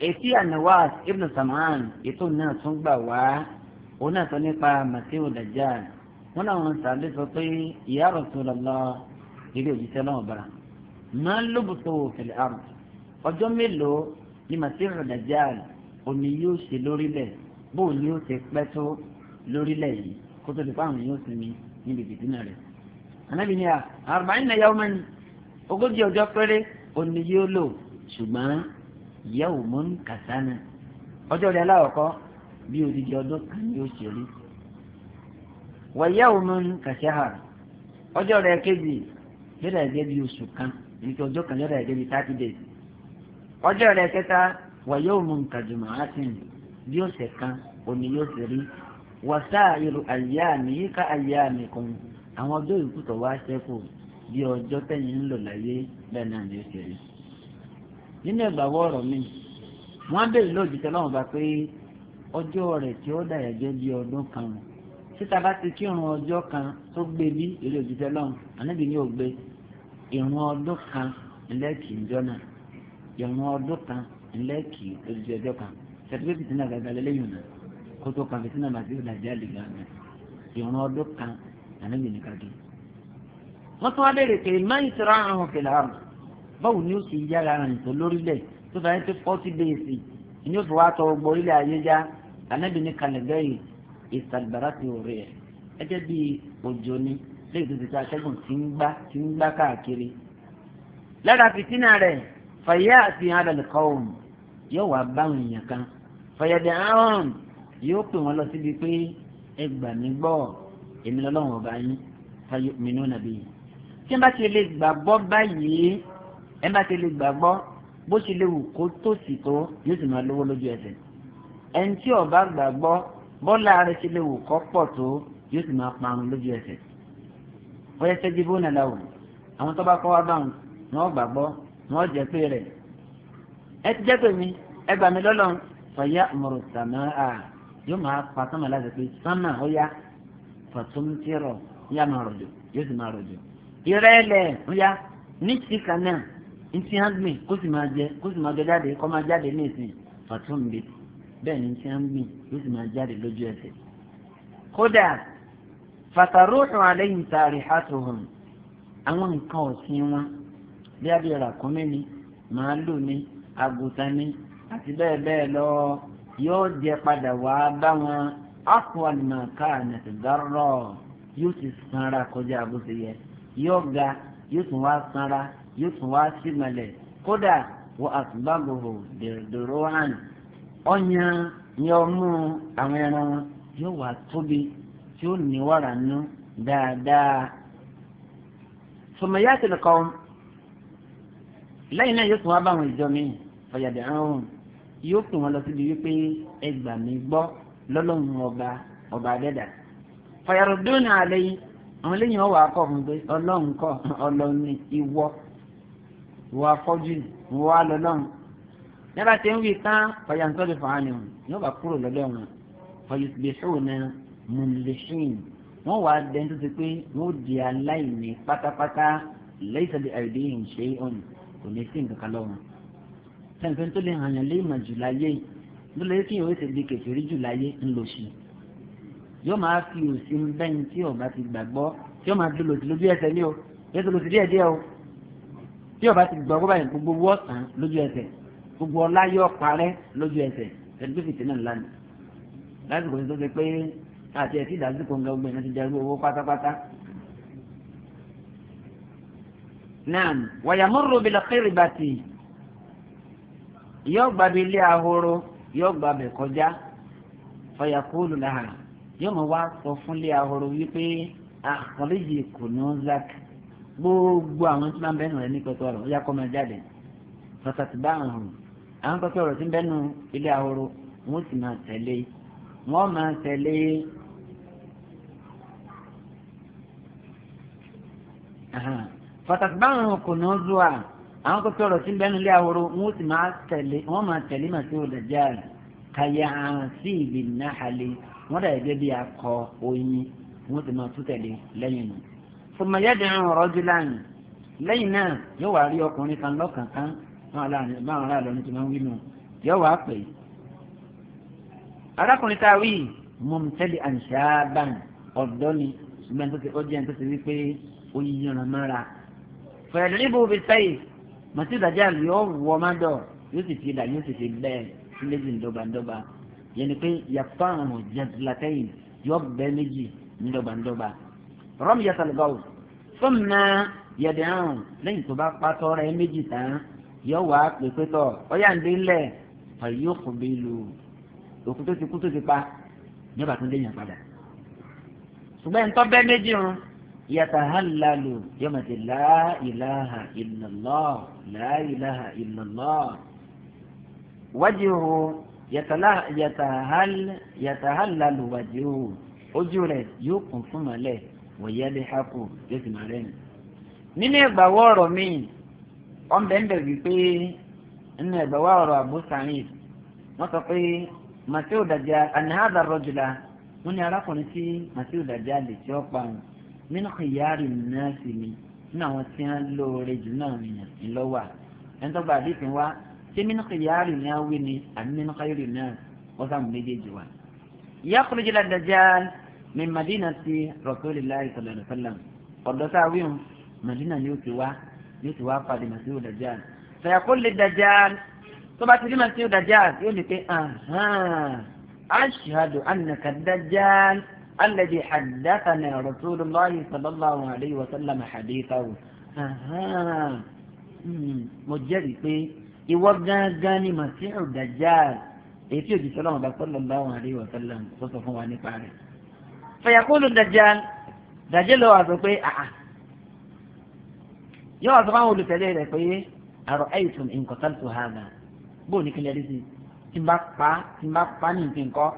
èsì anawas ibn sam'an ètò náà tún gbà wá òun náà sọ nípa masihu dajjal wọn náà wọn sàbẹ sọ pé ya Rasulullah ilé òjíṣẹ́ náà bá máa ń lóbùtò fil ard ọjọ́ mélòó ni masihu dajjal òní yóò ṣe lórílẹ̀ bóun ni ó ṣe pẹ́ tó lórílẹ̀ yìí kó tó di pa àwọn yóò sinmi níbi ìdìbò náà rẹ̀ anábìyẹn àrùbáyìn náà yàwó mẹ́rin ogójì ọjọ́ péré ó ní yóò lò ṣùgbọ́n ìyàwó mọ́ ń kàtánà ọjọ́ rẹ̀ aláwọ̀kọ́ bí odidi ọdún kan yóò ṣe rí wàyàwó mọ́ ń kàṣáhà ọjọ́ rẹ̀ kejì yọ̀dà ẹ̀gẹ́ bí oṣù kan nítorí ọjọ́ kan yọ̀dà ẹ̀gẹ́ bí thirty days ọjọ́ rẹ̀ kẹta wàyàwó mọ́ ń kàdùmọ̀ átìn bí ọ̀sẹ̀ kan òní yóò ṣe rí wàsáà irú àyà mi yíká àyà mi kan àwọn ọjọ́ ìkútọ̀ bí ọjọ́ tẹ̀yìn ń lò láyé bẹ́ẹ̀ náà ni ó ṣe rí. nínú ìgbàwọ́ ọ̀rọ̀ mi wọ́n béèrè lóòjì tọ́lọ́wọ́n bá pé ọjọ́ rẹ̀ tí ó dàyà jẹ́ bí ọdún kan mọ̀ títa bá ti kírun ọjọ́ kan tó gbé bí èrè òjìṣẹ́ lọ́hùn ànábì ní ògbé ìrun ọdún kan ńlẹ́kì ìjọ náà ìrun ọdún kan ńlẹ́kì òjìṣẹ́ ọjọ́ kan ṣàtúwé fìtínà gàgà lẹ́lẹ́yìn náà kótó kan fìtínà màsíwò làjẹ́ àlè gàgà ìrun ọdún kan ànábì ní kàdé wọ́n tún wá léèrè pé máa ń tẹ̀rọ àrùn fìlà àrùn báwo ni ó sì yára rìn tó lórílẹ̀ tó bá yẹn ti fọ́tí déèsì ni ó fi wá tọ gbọ́ ilé ayé já ànábì ní kàlẹ́gẹ́yì ìsàlùbárà ti òrè ẹ̀ ẹgẹ́ bí òjò ni léyìí tó ti ta atẹ́gùn tí ń gbá tí ń gbá káàkiri lára fìtínà rẹ̀ fàyà àti àdàlùkọ́ yóò wá báwọn èèyàn kan fàyàdé àrùn yóò pè wọ́n lọ síbi pé ẹ gbà tí ẹ bá ti lè gbàgbọ́ báyìí ẹ bá ti lè gbàgbọ́ bó ṣe lè wù kó tòṣì tó yóò sì máa lówó lójú ẹsẹ̀ ẹni tí ó bá gbàgbọ́ bọ́lá rẹ̀ ṣe lè wù kó pọ̀ tó yóò sì máa parun lójú ẹsẹ̀ wọ́n yẹ sẹ́jú bó nàlá wò àwọn tó bá kọ́ wá báwọn ni wọ́n gbàgbọ́ ni wọ́n jẹ́ pé rẹ̀ ẹ ti jẹ́ pé mi ẹ gbà mí lọ́lọ́run fọyà mọ̀rọ̀ sàmà à yóò máa pa sánmà láti pé sánmà ó yá fàtúntìrọ̀ yá máa rọ̀jò yóò sì máa rọ̀jò ìrẹ́lẹ̀ ọ̀yá ní síkà náà ntí hàndmì kó sì máa jẹ kó sì máa jẹ jáde kó máa jáde ní ìsìn fàtún bẹ bẹ́ẹ̀ ni ntí hàndmì kó sì máa jáde lójú ẹsẹ̀. kódà fàtàrúhùn àlẹ́yìn tààrí àwọn nǹkan ọ̀sìn wọn bí abiyara ni màálù ni àgùntàn ni àti bẹ́ẹ̀ bẹ́ẹ̀ lọ yóò jẹ padà wá bá wọn yóò ti sanra yóò ga yóò tún wá sanra yóò tún wá símalẹ̀ kódà wọ́n àtúbàbòrò dèrèdèrò hàn ọ̀yàn ni ọmú àwọn ẹran yóò wá tóbi tí ó ní wàrà nú dáadáa. sọmọyà tẹlẹ kọ́ lẹ́yìn náà yóò tún wá bá àwọn ìjọ mi ọ̀yàdà yóò pè lọ síbi wípé ẹgbàá mi ọba ọba adẹ́dà yìí. àwọn eléyìí wọn wà á kọ fún pé ọlọ́run kọ ọlọ́run ni ìwọ ìwọ afọ́jú ìwọ alọ́lọ́run nígbà tí ń wí tán ọ̀yà ń tọ́jú fún àánú ni wọ́n bá kúrò lọ́dọ̀ wọn fọyìsìlẹ̀ṣọ́nà mùlẹ̀ṣìn wọ́n wà á dẹ́n tó ti pé wọ́n di aláìní pátápátá lẹ́yìn sọ́dọ̀ àìdí yìí ń ṣe é ọ̀nà kò ní sí nǹkan kan tẹ̀sán tó lè hàn yàn lé ìmọ̀ jùláyé ló lè yóò máa fi òsì ń bẹ́yìn tí ọba ti gbàgbọ́ tí ó máa dúró lójú ẹsẹ̀ ní o yóò tó lọ sí díẹ̀ díẹ̀ o tí ọba ti gbàgbọ́ báyìí gbogbo wọ́sàn lójú ẹsẹ̀ gbogbo ọlá yóò parẹ́ lójú ẹsẹ̀ ẹgbẹ́ fìtí náà lánà lásìkò tó ṣe pé àti ẹ̀sìn ìdásíkò ń ga gbogbo ẹ̀nà ti jẹ́ owó pátápátá. náà wàyàmúrò bìlà kéré bàtì yóò gbàbí ilé ahoro yóò gbàbẹ̀ kọjá fọyàkúlù làhàn yóò mọ wá sọ fúnlé ahoro wípé àkọlẹ́yì kò ní ó zak gbogbo àwọn tí máa bẹnu rẹ ní pẹpẹ ọ̀rọ̀ ó yà jáde pàtàkì bá àwọn àwọn tí ń ilé ahoro wọn sì máa wọn máa bá kò ní ó à àwọn tí ń ilé ahoro wọn sì máa wọn máa màtí dàjà kàyà wọ́n dà gẹ́gẹ́ bí akọ oyin wọ́n ti máa tú tẹ̀lé lẹ́yìn nù. fọmọyẹ́dẹ̀ ń rọ̀ jù láàyè lẹ́yìn náà yóò wá rí ọkùnrin kan lọ́kàn kan báwọn ará lọ́nà tí wọ́n wí nù yóò wá pè é. arákùnrin tá a wí mọ̀mùtẹ́lẹ̀ àǹṣáàbàn ọ̀dọ́ ni ṣùgbọ́n tó ti ọjọ́ yẹn tó wí pé oyin yànnà mára. fẹ̀rẹ̀ níbo bí sẹ́yìn màtí ìdájà yóò wọ mádọ̀ yóò sì fi ìdá yóò sì fi bẹ́ẹ̀ sílẹ̀ yẹni pé yàtọ̀ àrùn jẹ̀dùlátẹ́yìn yọ bẹ méjì ńdọ̀bàndọ̀bà rọ́m yàtàlùbáwò fúnmà yẹ̀dẹ̀ àrùn lẹ́yìn tó bá pàtọ́ rẹ̀ méjì tán yọ wà á pèpè tọ̀ ọ̀yàǹdé lẹ̀ ọ̀yọ́ kò bí lu òkú tó ti kú tó ti pa yọba tó léyìn padà ṣùgbọ́n ntọ́ bẹ méjì rún yàtà hàlàlù yọmọdé láìláha illallah láìláha illallah wájú yàtàhálàlù wàjú ojú rẹ̀ yóò kún fún mọ́lẹ̀ wọ̀yẹ́lẹ́ hákù yóò sì máa rẹ̀ nù. nínú ìgbàwọ́ ọ̀rọ̀ mi wọ́n bẹ̀ ń bẹ̀ wípé nínú ìgbàwọ́ ọ̀rọ̀ Abu Sa'id wọ́n sọ pé Masiu Dajjal anahada rọ́jùlá wọ́n ní arákùnrin tí Masiu Dajjal lè tí ó pa wọn nínú kìyàrì náà sì ni nínú àwọn tí wọ́n lóore jù náà nìyẹn ńlọ́wà ẹni tó gba àdìsí wa من خيار ناويني أم من خير الناس وثم نجي جوان يخرج إلى الدجال من مدينة رسول الله صلى الله عليه وسلم قد ساويهم مدينة يوتوا يوتوا قد مسيو الدجال فيقول للدجال طبعا تجي مسيو الدجال يقول لك آه أشهد أنك الدجال الذي حدثنا رسول الله صلى الله عليه وسلم حديثه أها مجرد ìwọ gángan ni masihu dajjal èyí tí òjijì ọlọ́run bá sọ́lọ́ bá wọn àríwá sọ́lọ́ tó sọ fún wa nípa rẹ̀. fẹ̀yàkúlù dajjal dajjal lọ́wọ́ àti pé àà yóò wá sọ fáwọn olùtẹ̀lé rẹ̀ pé àrò ẹ̀yìntùn nǹkan tó hàgà bóun ní kílẹ̀ dísì tí n bá pa tí n bá pa ní nǹkan kọ́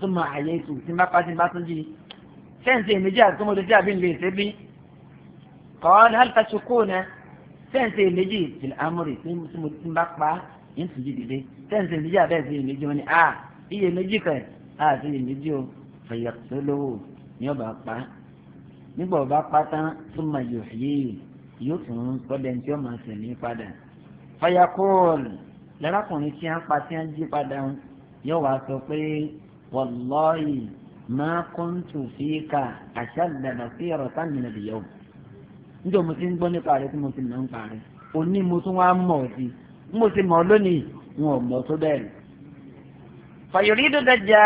tó mọ àyè ètò tí n bá pa tí n bá tún jí fẹ́ǹsì èméjì àti tó mọ sẹ́ǹsì èléjì ìtìlẹ amúrè tí mo ti bá pa yín tún jí dìde sẹ́ǹsì èléjì abẹ́ẹ̀sì èléjì wọn ni a iye méjì kẹ a ti lè méjì o fẹ̀yà tó lówó ni ọba pa nígbà ọba pa tán tún máa yọ̀ yìí yóò tún sọ́dẹ̀ tí ó máa sẹ̀mí padà fẹ̀yà kóòlù lẹ́rọ̀kùnrin tí a ń pa tí a ń jí padà yóò wá sọ pé wàlọ́ọ̀yì máa kóńtù fíkà àṣà dàdà ọ̀rọ̀ sáà nítorí mo ti ń gbọ́ nípa rẹ tí mo ti mọ̀ nípa rẹ òní mo tún wá mọ̀ ọ́ sí i mo ti mọ̀ ọ́ lónìí wọn ò mọ̀ tó bẹ́ẹ̀ fàyọrí tó dájà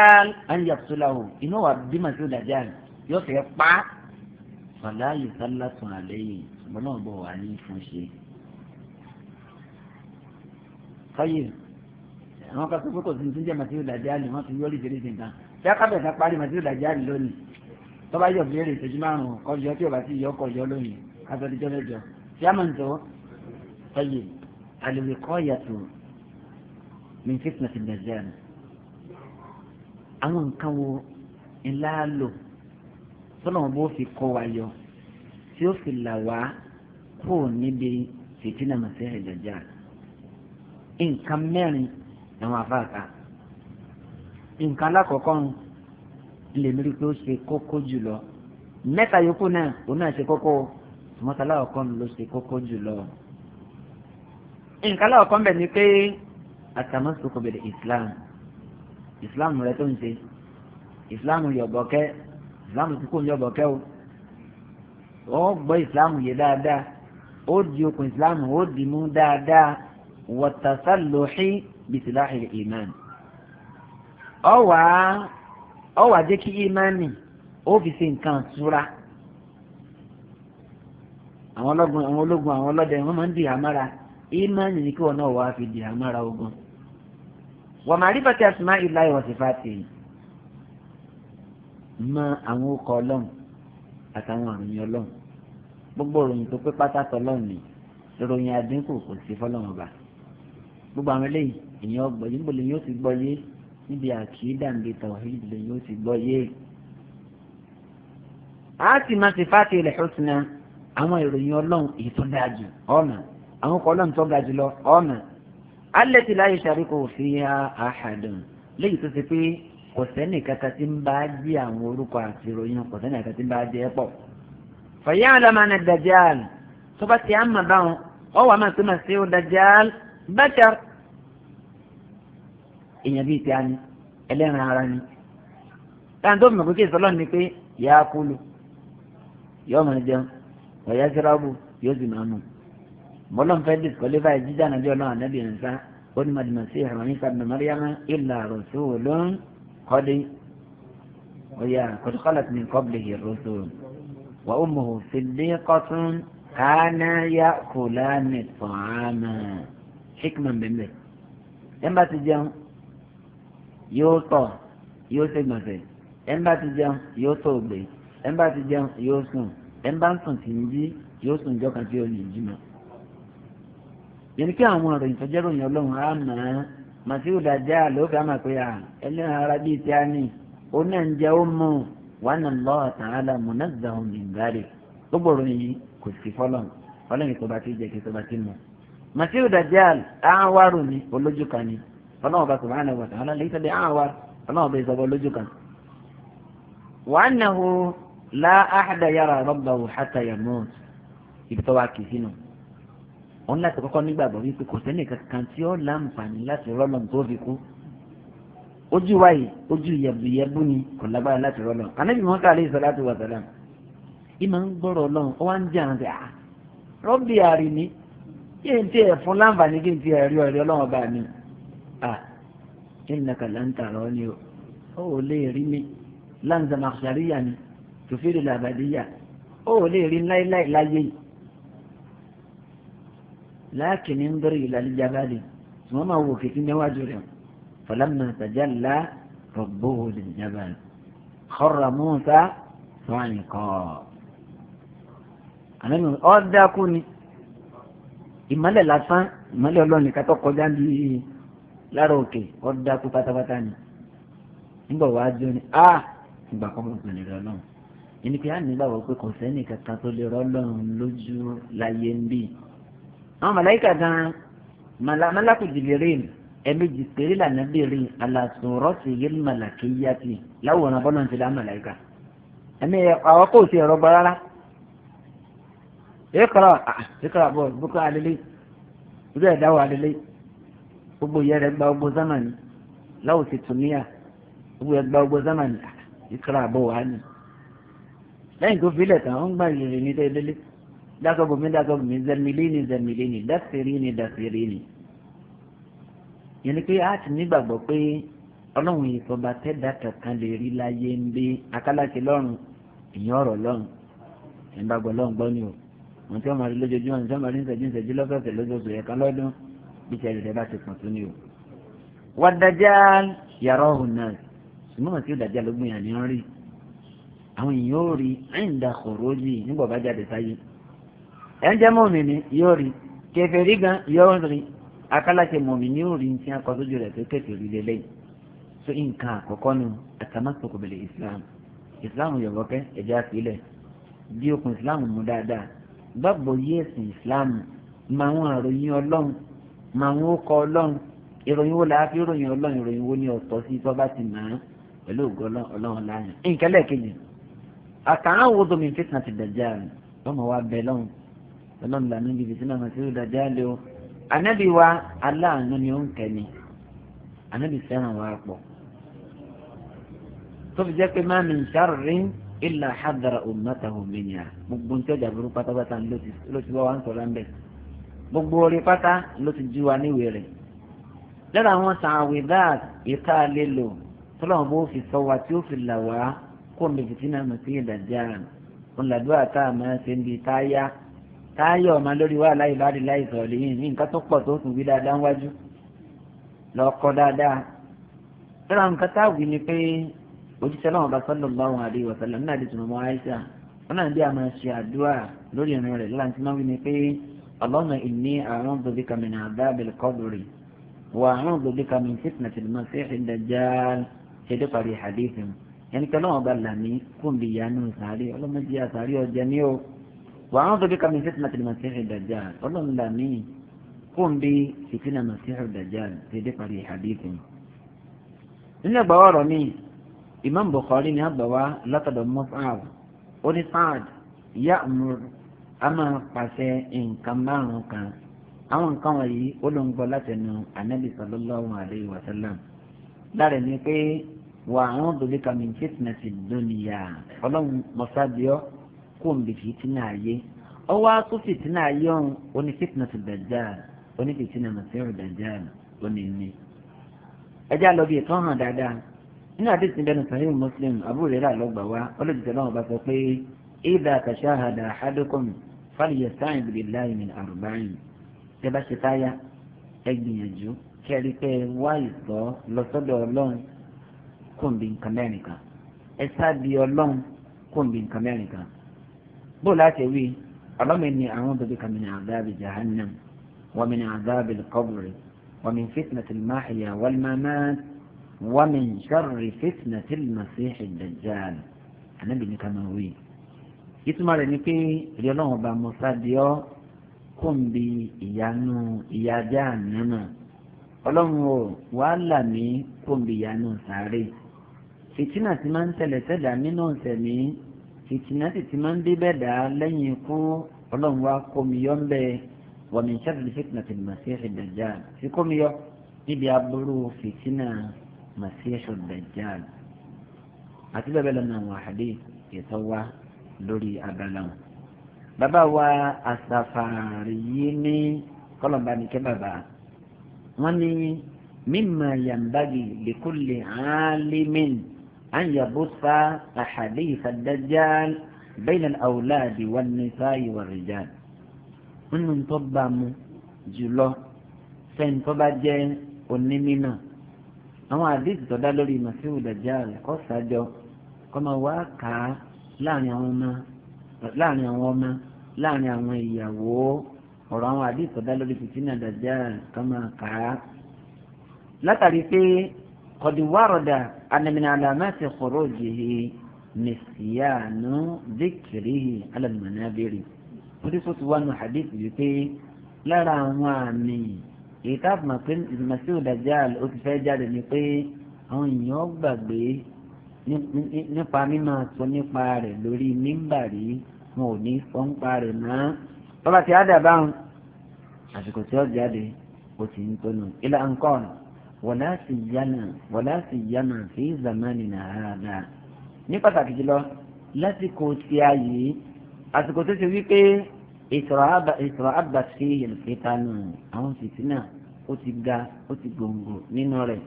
ànyà fúláwò iná wà bímọ tó dájà yóò fẹ́ pa fàlàyé sálá tún àlẹ́ yìí ṣùgbọ́n náà bọ̀ wá ní fún ṣe. fàyè àwọn kan tó kókò tuntun jẹ́ màtíwò dájà lè wọ́n fi yọrí ìṣeré ṣe nǹkan bí akábẹ̀ẹ́ta parí màtíwò dájà lónìí tọ́ba yọ̀ bí eré ìṣẹ́jú márùn-ún kọjọ́ tí ò bá ti yọ kọjọ́ lónìí abẹ́rẹ́jọ́ mẹ́jọ yámọ̀ǹtò ọyẹ àlèwèkọ́ yàtọ̀ min fitnati al-dajjal àwọn nǹkan wo ńlá lò sọ́nà wọn bó fi kọ́ wa yọ tí ó fi là wá kó níbi fìtínà màsíhà ad nǹkan mẹ́rin làwọn afáàkà nǹkan alákọ̀ọ́kọ́ ń lè mérí pé ó ṣe kókó jùlọ mẹ́ta yòókù náà òun náà ṣe kókó o sùmọ́tà aláwọ̀kọ́ ló ṣe kókó jùlọ. nǹkan aláwọ̀kọ́ ń bẹ̀ ni pé àtàmọ́sọ̀kọ bẹ̀rẹ̀ islam islam rẹ tó ń ṣe islam yọ̀bọ̀kẹ́ islam ti kó ń yọ̀bọ̀kẹ́ o ó gbọ́ islam yé dáadáa ó di okùn islam ó di mú dáadáa wọ́tasálóhí bìtìláhì ìmán ọ̀wà ọ̀wà jẹ́ kí ìmánì ó fi ṣe nǹkan ṣúra àwọn ọlọ́gun àwọn ológun àwọn ọlọ́dẹ wọ́n máa ń di àmàrà ìmánì ni kí wọn náà wá fi di àmàrà ogun. wa ma'rifati asma'illahi wa sifatihi mọ àwọn okọ̀ ọlọ́run àtàwọn àròyìn ọlọ́run gbogbo òròyìn tó pé pátátọ̀ ọlọ́run ni ìròyìn àdínkù kò sí fọlọ́run ọba gbogbo àwọn eléyìí èèyàn ọgbọ̀ yìí níbo lèyìn ó ti gbọ́ yé níbi àkìídà níbi àwọn ìròyìn ọlọ́run èyí tó dáa jù ọ̀nà àwọn ọkọ̀ ọlọ́run tó ga jù lọ ọ̀nà alẹ́ ti láyé sáré kò fi ha àhàdùn léyìí tó ti pé kò sẹ́nì kàkà tí ń bá jí àwọn orúkọ àti ìròyìn kò sẹ́nì kàkà tí ń bá jẹ́ pọ̀. fàyà àlámánà dajjal tó bá ti àmà báwọn ọ wà máa tó máa ṣe ó èèyàn bíi ti ani ẹlẹ́ran ara ni táwọn tó mọ̀ pé kí ìsọlọ́ọ̀ pé yà á kúlù yọ ọ́ ọ̀yá sẹ́ráàbù yóò sì máa mú bọ́lọ́n fẹ́ dìskọ́lífà jíjà nàbí ọlọ́run ànábì ẹ̀ńsá ó ní màdìmọ̀ sí ìhàmọ́ní sàbẹ̀ mọ́ríyámá ìlà rọ̀ṣù lọ́n kọ́dé ọ̀yà kọ́tùkọ́lá ti ní kọ́bìlì ìrọ̀ṣù wà ó mọ̀ òfìdí kọ́tún kánà yá kò lánà tọ̀hámà hikman bẹ́ẹ̀ ẹ̀ńbà jẹun yóò tọ̀ yóò ṣègbọ̀nsẹ̀ ẹ̀ńbà jẹun yóò tó ògbé ẹ̀ńbà jẹun yóò sùn ẹ̀ ń bá sùn sí ń jí yóò sùn jọ kan tí ó lè jí mọ́. yẹn kí àwọn ọ̀rọ̀ ìtọ́jẹ́ròyìn ọlọ́run á mọ̀ ẹ́ màtíwù dàjà ló fẹ́ máa pe ẹlẹ́rìn ara bíi tí a ní oní ẹ̀ǹjẹ́ ó mú wàhánà lọ́wọ́ tààlà mùnàzàhùn nìgbàrè gbogbo ọ̀rọ̀ yìí kò sí fọlọ́n fọlọ́n ìtọ́ba ti jẹ́ kí ìtọ́ba ti mọ̀ màtíwù dàjà àwárò ni olójú kan ni fọlọ́n ọba sọ̀rọ̀ àwọn ọ̀tàn ọlọ́lẹ́ ìtọ́bi àwárò fọlọ́n ọba olójú kan. wàhánà wo la ahada yara rabbahu hatta yamut ibi tó wá kì í sínú òun láti kọ́kọ́ nígbàgbọ́ wípé kò sẹ́ni kankan tí ó láǹfààní láti rọ́lọ̀ tó fi kú ojú wáyé ojú yẹ̀bùyẹ̀bù ni kò lágbára láti rọ́lọ̀ anábì mọ́ká alayhi salatu wa salam ìmọ̀ ń gbọ́rọ̀ ọlọ́run ó wá ń jẹ́ àwọn ṣe à rọ́bì àrì ni kí n tiẹ̀ fún láǹfààní kí n tiẹ̀ rí ọ̀rẹ́ ọlọ́run ọba mi tòfìrì làbàdíyà ó lè rí láíláí láyé yìí láàkìní ń bẹ̀rẹ̀ ìlàlí jábàlì tí wọ́n máa wò kìkì níwájú rẹ̀ fọlámà tajalla rabbuhu lil jabal kharra Musa sọ́ọ̀nìkọ́ àná ọ́ dákú ni ìmọ̀lẹ̀ lásán ìmọ̀lẹ̀ ọlọ́ọ̀nì kátó kọjá ní lára òkè ọ́ dákú pátápátá ni nígbà wàá jó ni a ìgbà kan mọ̀ pẹ̀lú yìí ni pé a nígbàgbọ́ pé kò sẹ́ni kankan tó lè rọ́lọ́run lójú láyé ń bì. àwọn màláìkà gan màlámàlákù jìbìrín ẹ̀mejì péré lànà bèrè alasùnrọ́sì yìí màlàkì yàtì láwòrán bọ́lá ti dá màláìkà. ẹ̀mí àwọn kò sí ẹ̀rọ gbọ́ rárá. ìkọ̀rọ̀ ìkọ̀rọ̀ bọ̀ bukọ̀ alẹ́lẹ́ ibi ẹ̀dáwọ̀ alẹ́lẹ́ gbogbo yẹrẹ gba gbogbo zamani láwùsí tùmíà gbogbo yẹrẹ gba gbogbo zamani ìkọ̀rọ̀ àbọ̀wọ̀ á nìyí lẹ́yìn tó filẹ̀ tán ó ń gbà yèrè ní tẹ́lẹ́lẹ́ dákọ̀bùnmi dákọ̀bùnmi zẹ̀mílíìnì zẹ̀mílíìnì dásìrìnì dásìrìnì. yẹn ni pé a ti nígbàgbọ́ pé ọlọ́run ìfọba tẹ́dà kankan lè rí láyé ń bí akálàṣe lọ́rùn ìyẹn ọ̀rọ̀ lọ́rùn ẹ̀ ń bá gbọ́ lọ́rùn gbọ́ ni o wọn tí wọn máa rí lójoojúmọ́ ní sọ́mọ́ rí nsẹ̀jú nsẹ̀jú lọ́sọ̀ọ̀sẹ̀ lójoojúmọ́ sọ̀yẹ̀ kan lọ́dún bí sẹ́yìn rẹ̀ bá ti pọ̀ àwọn èèyàn ò rí ẹ̀ǹda kòró yìí nígbà bá jáde sáyé ẹ̀ ń jẹ́ mọ̀mìnì yóò rí kèfèrí gan yóò rí akálàṣe mọ̀mìnì yóò rí ní tí a rẹ̀ tó kèfèrí lélẹ́yìn so nǹkan àkọ́kọ́ nu àtàmásọ̀kò bẹ̀rẹ̀ islam islam yọ̀bọ̀kẹ́ ẹ̀jẹ̀ àfilẹ̀ bí okùn islam mú dáadáa gbàgbọ́ yí ẹ̀sìn islam máa ń àròyìn ọlọ́run máa ń kọ ọlọ́run ìròyìn wo làá fi ròyìn ọlọ́run ìròyìn wo ni ọ̀tọ̀ sí tọ́ bá ti mọ̀ ọ́ pẹ̀lú ògo ọlọ́run láàyàn. nǹkan lẹ́ẹ̀kejì àtàwùdù min fitnati dajjal lọ́mọ wa bẹ̀ lọ́hùn lọ́mọ ìlànà ibi tí náà ti rí dajjal o ànábì wa aláàánú ni ó ń kẹ́ni ànábì fẹ́ràn wa pọ̀ tó fi jẹ́ pé má min sharrin illa hadara ummatahu minha gbogbo ń tẹ́jà burú pátápátá ló ti bá wa ń sọ̀rọ̀ ń gbogbo orí pátá ló ti jí wa níwèé rẹ̀ lọ́dọ̀ àwọn sàwìdá ìta lè lò bó fi sọ wa tí ó fi là wá kó n bèjì sínú àmọ̀sí ìdàjáàrùn òun làdúrà tá a máa ṣe ń bi táyà táyà ọ̀ma lórí wa láì láàrin láì sọ̀rọ̀ lẹ́yìn ní nǹkan tó pọ̀ tó tún wí dáadáa wájú lọ́kọ́ dáadáa lọ́la nǹkan tá a wí ni pé òjíṣẹ́ náà bá sọ́dọ̀ bá wọn àdé ìwọ̀sọ̀lẹ̀ nínú àdé tìǹbù àìsà wọn náà bí a máa ṣe àdúrà lórí ìrìn rẹ̀ lọ́la tí wọ́n wí ni pé ọlọ́run yẹn kí ọlọ́run ọba là mí kó n bí ìyanu sàárè ọlọ́mọdé àsàárè ọjà ní o wà á ń fẹ́bi kàmi fẹ́tìmá tẹ̀lé màá sẹ́hìn dàjà ọlọ́run là mí kó n bí fìtínà sẹ́hìn dàjà tẹ̀lé parí hadith nínú ẹgbàá ọ̀rọ̀ mi imam bukhari ni àgbàwá látọ̀dọ̀ mọ́fàá oní sáàd ìyá àmúr a máa pàṣẹ nǹkan márùn-ún kan àwọn nǹkan wọ̀nyí ó ló ń gbọ́ látẹnu anabi sallallahu alayhi wa sallam ni pé wà àwọn òdòdó kàmí fìtínẹsì dúníyà ọlọ́run mọ̀sábíọ́ kò ń bì fìtínà ayé ọwọ́ akó fìtínà ayé ọ̀hún oní fìtínẹsì dàjáàl oní fìtínà mọ̀sẹ́rù dàjáàl oní ní. ẹjẹ́ àlọ́bí ìtàn hàn dáadáa nínú àdéhùn ti bẹnu sahih muslim abu rira lọ́gbà wa ọlọ́dìtẹ̀ lọ́wọ́ bá sọ pé ìdá tashahada ahadukum falyasta'id billahi min arba'in tẹ́ bá ṣe táyà ẹ gbìyànjú wáyé sọ lọ sọ́dọ̀ ọlọ́run kó n bí nǹkan mẹ́rin kan ẹ sábì ọlọ́run kó n bí nǹkan mẹ́rin kan bó láti wí ọlọ́run ni àwọn bèbè kan min àdáàbì jahannam wa min àdáàbì kọ́bùrì wa min fitnati máàyà wal mamat wa min sharri fitnati masiihi dajjal ànábì ní kan wí. ìtumọ̀ rẹ̀ ni pé ìdí ọlọ́run ọba mọ́sádìọ́ kó n ìyanu ìyá jáà nínú ọlọ́run wàhálà mi kó ìyanu sáré fìtínà ti máa ń tẹ̀lẹ̀ tẹ̀dá nínú ìsẹ̀mí fìtínà sì ti máa ń dé bẹ́ẹ̀ dá lẹ́yìn ikú ọlọ́run wa kọ́miyọ́ ń bẹ wa min sharri fitnati al-masih ad-dajjal fi kọ́miyọ́ níbi aburú fìtínà masih ad-dajjal àti bẹ́ẹ̀ bẹ́ẹ̀ lọ́nà àwọn àhàdé ètò wa lórí abala wọn. bàbá wa àsàfààrí yìí ní kọ́lọ̀mbà ní kẹ́ bàbá wọ́n ní mimma yanbaghi likulli alimin. أن يبث أحاديث الدجال بين الأولاد والنساء والرجال nínú tó bá mu jùlọ fẹ́ni tó bá jẹ́ onímínà àwọn àdéhùn tó dá lórí masiwu dajjal kọ́ sájọ kọ́ máa wá kà á láàrin àwọn ọmọ láàrin àwọn ọmọ láàrin àwọn ìyàwó ọ̀rọ̀ àwọn àdéhùn tó dá lórí fìtínà dajjal kọ́ máa kà á látàrí pé قد ورد أن من علامات خروجه نسيان ذكره على المنابر ورفت وان حديث يتي لا رامي ìtàkùn máa pé ìmọ̀sí òdàjáàlì ó ti fẹ́ jáde ni pé àwọn èèyàn gbàgbé nípa mímọ̀ sọ nípa rẹ̀ lórí mímbàrí wọn ò ní sọ nípa rẹ̀ náà bàbá ti àdàbà àsìkò tí ó jáde ó ti ń tónú ilé àǹkọ́ọ̀nù wọ̀lá sì yánà wọ̀lá sì yánà fi zamani nàhánà ní pàtàkì jùlọ lásìkò tí a yìí àsìkò tó ti wí pé ìsọ̀rọ̀ àbá sí ìlùkítánù àwọn fìtínà ó ti ga ó ti gbòǹgò nínú rẹ̀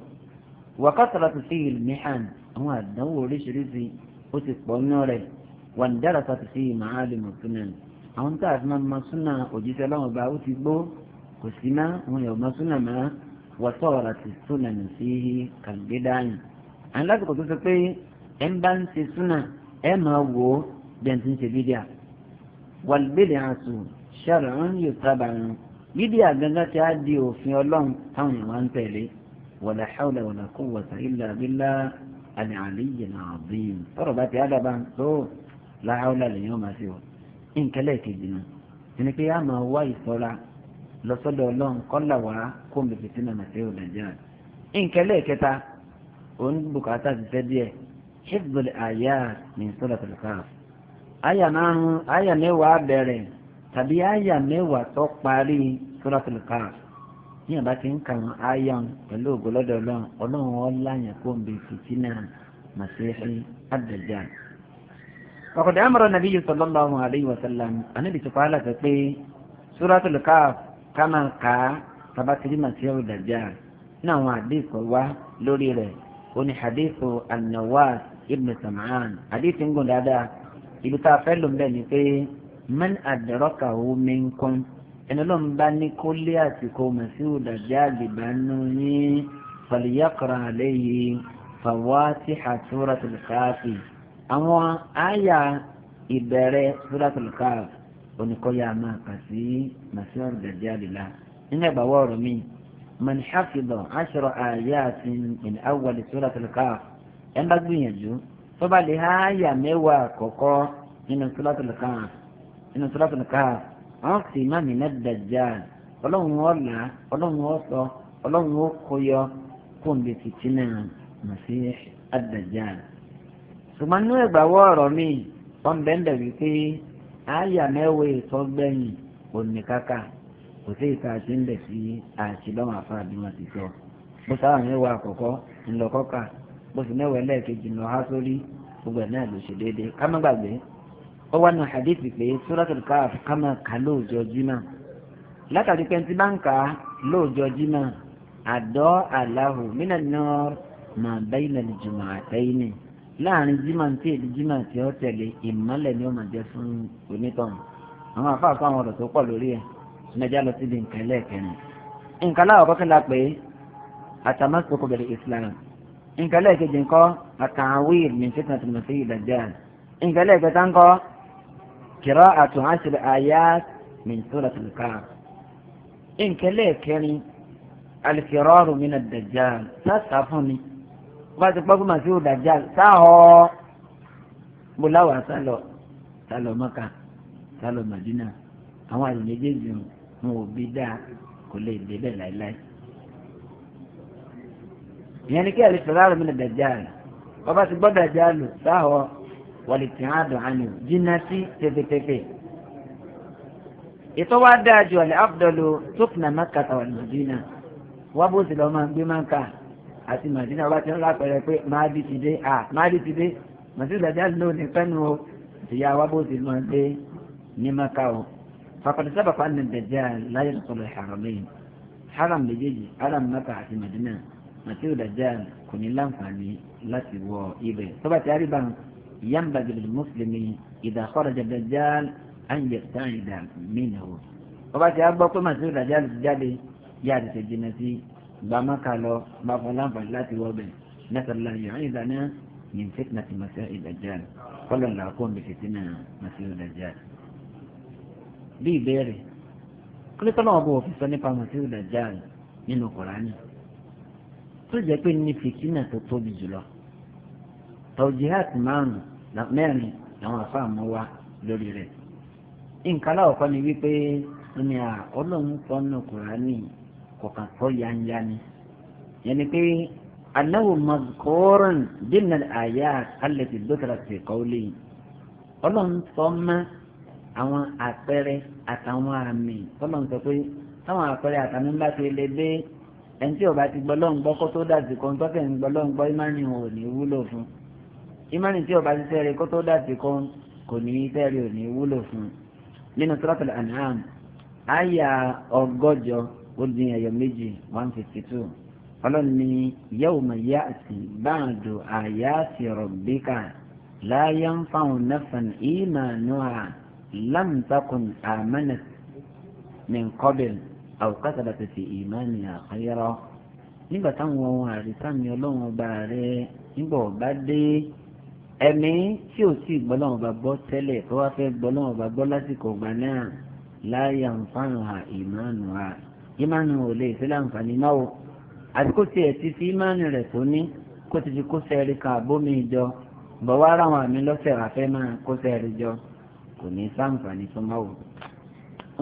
wàkàtàrà tó sí ìlùmíhàn àwọn àdánwò oríṣiríṣi ó ti pọ̀ nínú rẹ̀ wàǹdára tó sí ìmàhálì mùsùlùmí àwọn tá a fi máa ma súnà òjíṣẹ́ láwọn ọba ó ti gbó kò sí ná àwọn èèyàn ma súnà máa wọ́tọ́ọ̀rọ̀ ti súnà ní sí kàgbédáyìn. àní lásìkò tó sọ pé ẹ ń bá ń ṣe súnà ẹ máa wò ó bẹ́ẹ̀ ti ń ṣe bídíà. wàlúbẹ̀lẹ̀ àṣù ṣàrọ̀ ń yóò sábà ń bídíà gangan ti á di òfin ọlọ́run táwọn èèyàn wá ń tẹ̀lé. wàlá hàwlà wàlá quwwata illa billah àlẹ́ àlẹ́yìn àbíyìn. tọ́rọ̀ bá ti á dábàá tó láhàwlà lè yàn máa ṣe wọ̀ lọ́sọ́dọ̀ ọlọ́run kọ́là wá kó mi fi sínú àmàṣẹ́ òlàjà. nkẹ́lẹ́ kẹta òun bùkátà ti tẹ́ díẹ̀ hezbollah àyà ní sọ́dọ̀ tẹ̀lifà. àyà márùn-ún àyà mẹ́wàá bẹ̀rẹ̀ tàbí àyà mẹ́wàá tó parí sọ́dọ̀ tẹ̀lifà. ní àbá ti ń kà wọ́n àyà pẹ̀lú ògbólọ́dọ̀ ọlọ́run ọlọ́run ọ̀làyàn kó mi fi sínú àmàṣẹ́ àdàjà. ọ̀kọ̀dẹ̀ amọ̀rọ̀ nàbí yìí sọ̀lọ́lọ́ ká máa kà á tabatiri masiru dajjal náà àwọn àdìsọ wá lórí rẹ̀ oní àdìsọ an-Nawas ibn Sam'an àdìsọ ń gùn dáadáa ibi tá a fẹ́ lò ń bẹ̀ ni pé man adrakahu minkum ẹni ló ń bá ní kó lé àsìkò masiru dajjal àgbègbè nù yín falyaqra alayhi fawatiha suratul Kahf àwọn àyà ìbẹ̀rẹ̀ suratul oníkọ́yà máa kà sí masiọ́rù dàjáde la nínú ìgbàwọ́ ọ̀rọ̀ mi man hafidọ̀ aṣọ àyà àti ìní awàlẹ̀ sọ́ra tẹlifáà ẹ̀ ń bá gbìyànjú tó bá lè háyà mẹ́wàá àkọ́kọ́ nínú sọ́ra tẹlifáà nínú sọ́ra tẹlifáà wọ́n sì má mi ná dàjáde ọlọ́run ó là ọlọ́run ó sọ ọlọ́run ó kọyọ kó n lè fìtínà màsí àdàjáde mi wọ́n bẹ́ẹ̀ dàbí pé. àyà mẹ́wàá ìtọ́gbẹ́yìn oníkàkà kò sí ìta àti ńlẹ̀ sí àṣìlọ́wọ̀n àfààní wọn ti sọ bó sáwà mẹ́wàá àkọ́kọ́ ńlọkọ́kà bó sì mẹ́wàá ẹlẹ́ẹ̀kejì lọ há sórí gbogbo ẹ̀ náà ló ṣe déédéé ká má gbàgbé ó wá nu hadith pé suratul Kahf ká máa kà lóòjọ́ jimá látàrí pé ti bá ń kà lóòjọ́ jimá láàrin jimá tí èdè jimá tí ó tẹ̀lé ìmọ́lẹ̀ ni ó máa jẹ́ fún onítọ̀hún àwọn afáàfáà àwọn ọ̀rọ̀ tó pọ̀ lórí ẹ̀ mẹjá lọ síbi nǹkan ẹlẹ́ẹ̀kẹrin nǹkan láwọn kọ́kẹ́ la pè é àtàmásókò bẹ̀rẹ̀ Islam nǹkan ẹlẹ́ẹ̀kejì ńkọ́ àtàwíìl min fitnatil masih dajjal nǹkan ẹlẹ́ẹ̀kẹta ńkọ́ qira'atu ashri ayat min suratil Kahf nǹkan ẹlẹ́ẹ̀kẹrin al-firaru min ad-dajjal sásà fún mi bá ti pọ́ fún màsíwò dàjà sáhọ́ bùláwà sálọ sálọ mọ́kà sálọ màdínà àwọn àyè méjèèjì ń wò bí dáa kò lè débẹ̀ láéláé. ìyẹn ni kí àlè sọ̀rọ̀ àrùn mi lè dàjà rẹ̀ bàbá ti gbọ́ dàjà lò sáhọ́ wọlé tí wọn àdùn àná jìnnà sí tẹfẹtẹfẹ. ètò wa dáa ju àlè àfùdọ́lù tó kùnà mọ́kà tàwọn màdínà wọ́n bó ti lọ́ máa gbé mọ́kà àti màdínà bá ti ń lápẹẹrẹ pé máàdí ti dé à máàdí ti dé màtí ìdájá ló ní pẹ́nu o ìyá wa bó ti máa dé ní maka o fàkàtà sábà pa ní dajjal láyé lọ́sọ̀rọ̀ haramain haram méjèèjì haram maka àti màdínà màtí ìdájá kò ní láǹfààní láti wọ ibẹ̀ tọ́ba ti arí bàn yamba jìbìlì mùsùlùmí ìdá kharaja dajjal ànyẹ sáyẹn mí nà o ti agbọ́ pé màtí ìdájá gbàmáka lọ bá fún láǹfààní láti wọbẹ̀ nẹ́sàlá yọ̀ọ́ ìdáná yìí fitna ti màsí ìdájà kọ́lọ̀ ńlá kó mi fìtínà màsí ìdájà. bí ìbéèrè kílítọ́ náà bọ̀ òfin sọ nípa màsí ìdájà nínú kùránì tó jẹ́ pé ní fìtínà tó tóbi jùlọ tọ́jìhát márùn-ún mẹ́rin làwọn afáàmú wa lórí rẹ̀ nǹkan láwọ̀kọ́ ni wípé ní à ọlọ́run kùránì kọ̀ọ̀kan kọ́ yanya ni yẹn ni pé anáwó mazkoran dínà àyà alẹ́tì lókèrè ti kọ́ọ́lé yìí ọlọ́run sọ ma àwọn àpẹẹrẹ àtàwọn àmì ọlọ́run sọ pé táwọn àpẹẹrẹ àtàmì bá ti lè dé ẹni tí ọba ti gbọ́ lọ́n gbọ́ kó tó dàsí kan tó fẹ̀yìn gbọ́ lọ́n gbọ́ ìmánì ò ní wúlò fún ìmánì tí ọba ti sẹ́rẹ̀ kó tó dàsí kan kò ní sẹ́rẹ̀ ò ní wúlò fún nínú Suratul An'am àyà ọgọ́jọ ó dín ẹyọ méjì one fifty two ọlọ́run ní yawma ya'ti ba'du ayati rabbika la yanfa'u nafsan imanuha lam takun amanat min qabl aw kasabat fi imaniha khayra nígbà táwọn ohun àrísàmì ọlọ́run ọba rẹ̀ nígbà ọba dé ẹ̀mí tí ò sì gbọ́ lọ́wọ́ bá gbọ́ tẹ́lẹ̀ tó wá fẹ́ gbọ́ lọ́wọ́ bá gbọ́ lásìkò ọgbà náà la yanfa'uha imanuha ìmánu ò lè ṣe láǹfààní máa wò àti kó tiẹ̀ ti fi ìmánu rẹ̀ tó ní kó ti fi kó sẹ́ẹ̀rì kan àbómi ìjọ bọ̀ wá ráwọn àmì lọ́sẹ̀ àfẹ́ máa kó sẹ́ẹ̀rì jọ kò ní sáǹfààní tó máa wò.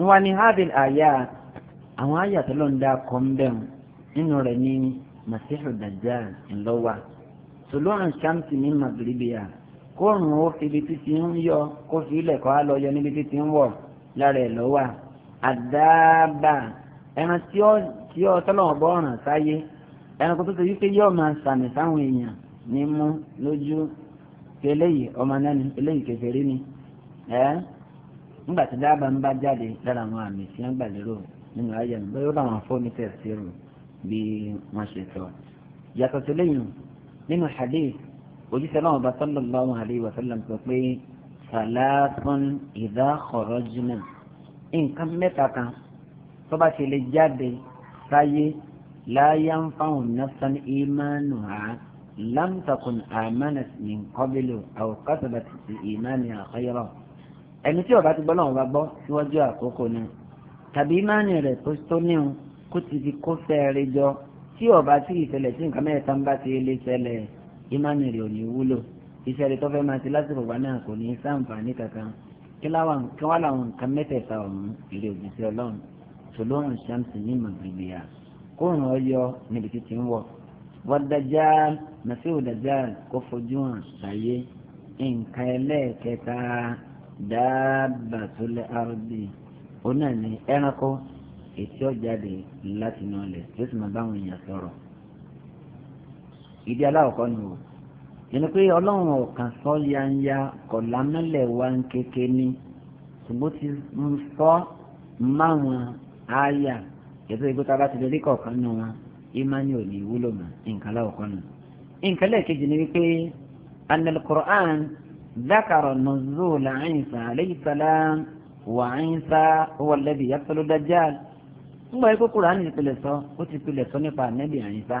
wọn ni habil aya àwọn aya tó ló ń dá kọ́ ń bẹ̀ wọn nínú rẹ̀ ní masihu dajjal ńlọ́wà tòlóhàn shamsi ní magribiya kóòrùn ó fi ibi títí ń yọ kó fi ilẹ̀ á lọ yọ níbi títí ń wọ̀ lára ẹ̀ lọ́wà àdáàbà ẹran tí ọ tí ọ tọ́lọ́wọ́n bọ́ ọ̀ràn sáyé ẹranko tó ti wípé yóò máa sàmì sáwọn èèyàn ní mú lójú pé eléyìí ọmọ náà ni eléyìí kèfèrí ni ẹ nígbà tí dábàá ń bá jáde lára àwọn àmì tí wọ́n gbà lérò nínú ayé mi bẹ́ẹ̀ ó làwọn fóònù tẹ̀sí rò bí wọ́n ṣe sọ. yàtọ̀ sí lẹ́yìn nínú hadith ojúṣe náà ọba sallallahu alayhi wa sallam sọ pé salatun idha kharajna nǹkan mẹ́ta kan tó bá ṣe lè jáde sáyé láyà ń fáwọn nafsan ìmánu ha lámtàkùn àmánà ní kọ́bílù àwòkọ́sọ̀bà ti ti ìmánu àkọ́yọ̀rọ̀ ẹni tí ó bá ti gbọ́ lọ́wọ́ bá gbọ́ síwájú àkókò ni tàbí ìmánu rẹ̀ tó tó níhun kó ti fi kó fẹ́ẹ́rẹ́ jọ tí ó bá ìṣẹ̀lẹ̀ tí nǹkan mẹ́ta ń bá ti lè ṣẹlẹ̀ ìmánu rẹ̀ ò ní wúlò ìṣẹ̀lẹ̀ tó fẹ́ máa ti lásìkò gbà náà kò ní sáǹfààní kankan kí wọ́n láwọn nǹkan mẹ́tẹ̀ẹ̀ta ọ̀hún ìrè òjì tòlóhùn ṣàǹtì ní màgbègbèyà kóòrùn ọyọ níbi títí ń wọ wọdájà nàfíù dájà kó fojú hàn láyé nǹkan ẹlẹ́ẹ̀kẹta dábàtúlẹ̀ àrùbí òun náà ní ẹranko ètí ọ̀jáde láti inú ọlẹ̀ tó sì máa báwọn èèyàn sọ̀rọ̀ ìdí aláwọ̀kọ́ ni o yẹn pé yanya kọ̀lámẹ́lẹ̀ wa ń kéke ti ń sọ ááyà ètò ìgbó tá a bá ti lórí kọ̀ọ̀kan nù wọn ìmánì ò ní wúlò mọ́ nǹkan láwùkọ́ nù. nǹkan lẹ́ẹ̀kejì ni wípé anil qur'an ذكر نزول عيسى عليه السلام وعيسى هو الذي يقتل الدجال ngbà yìí kó ìpìlẹ̀ sọ ó ti pìlẹ̀ sọ nípa ànábì àyínsá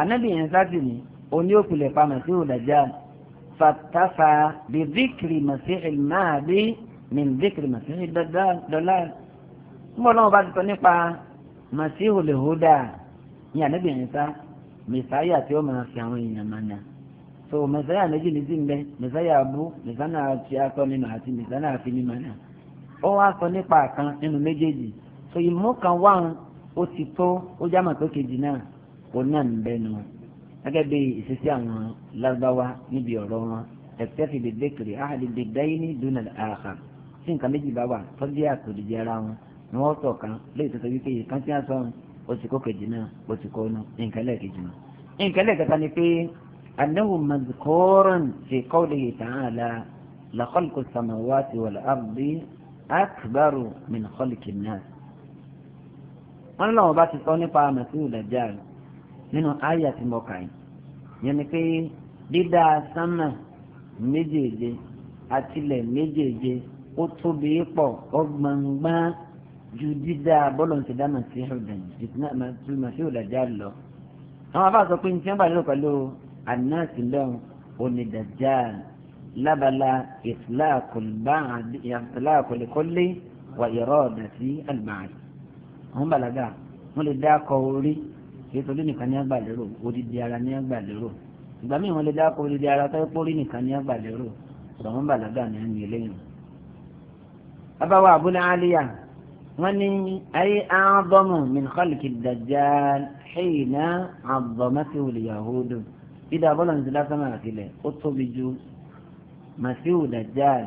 ànábì àyínsá sì ní oní òpìlẹ̀ pa màsíhù dàjà fatafa bí díkìrì màsíhì máàbí ní díkìrì màsíhì dọ́là níbo lọ́wọ́ bá ti sọ nípa masihu lehuda ní ànábì Ìsá mẹsáyà tí ó máa fi àwọn èèyàn mọ̀nà so mẹsáyà méjì ní sí ń bẹ mẹsáyà abú mẹsáyà àti akọ nínú àti mẹsáyà àfi ní mọ̀nà ó wá sọ nípa kan nínú méjèèjì so ìmú kan wà ó ti tó ó jámọ̀ tó kejì náà ó náà ń bẹ nù gẹ́gẹ́ bí ìṣesí àwọn lágbáwá níbi ọ̀rọ̀ wọn ẹ̀kẹ́fì bèbè kiri áhàdì bèbè dáyé ní dúnà àhà tí méjì bá wà tọ́jú àtòlùjẹ́ ara wọn ni wọ́n tọ̀ kan léyìí tó tẹ̀wé kéye kan tí wọ́n sọ ó ti kó kejì náà ó ti kó nu nǹkan lẹ́ẹ̀kejì náà. nǹkan lẹ́ẹ̀kẹta ni pé annahu mazkurun fi qawlihi ta'ala la khalqu samawati wal ardi akbaru min khalqi nas. wọ́n lọ́wọ́ bá ti sọ nípa masihu dajjal nínú àyà tí mo kà yẹn ni pé dídá sánmà méjèèje àtilẹ̀ méjèèje ó tóbi pọ̀ ọgbọ̀ngbọ́n ju dídá bọ́lọ̀ ń ti dá màsíhù dàn ju màsíhù dàjálù lọ. àwọn afá sọ pé nìkan bàlẹ́ pẹ̀lú ànáàsì lọ́n òní dàjálù lábala ìtìláàkùlì kọ́lé wà ìrọ̀ ọ̀dà sí àlùmáàrì. àwọn bàlágà wọn lè dá akọ orí kí torí nìkan ní agbàlérò odidi ara ní agbàlérò ìgbà míì wọn lè dá akọ odidi ara tó pórí nìkan ní agbàlérò sọ̀rọ̀ wọn bàlágà ní ẹni eléyìí. abáwá abúlé aliya wọ́n ní ayé àádọ́mù mìnkọ́lìkì dàjàl ṣèyíná àbọ̀mọ́síwò lè yahudu dídá bọ́lọ̀nsì lásán àkìlẹ̀ ó tóbi ju màsíwò dàjàl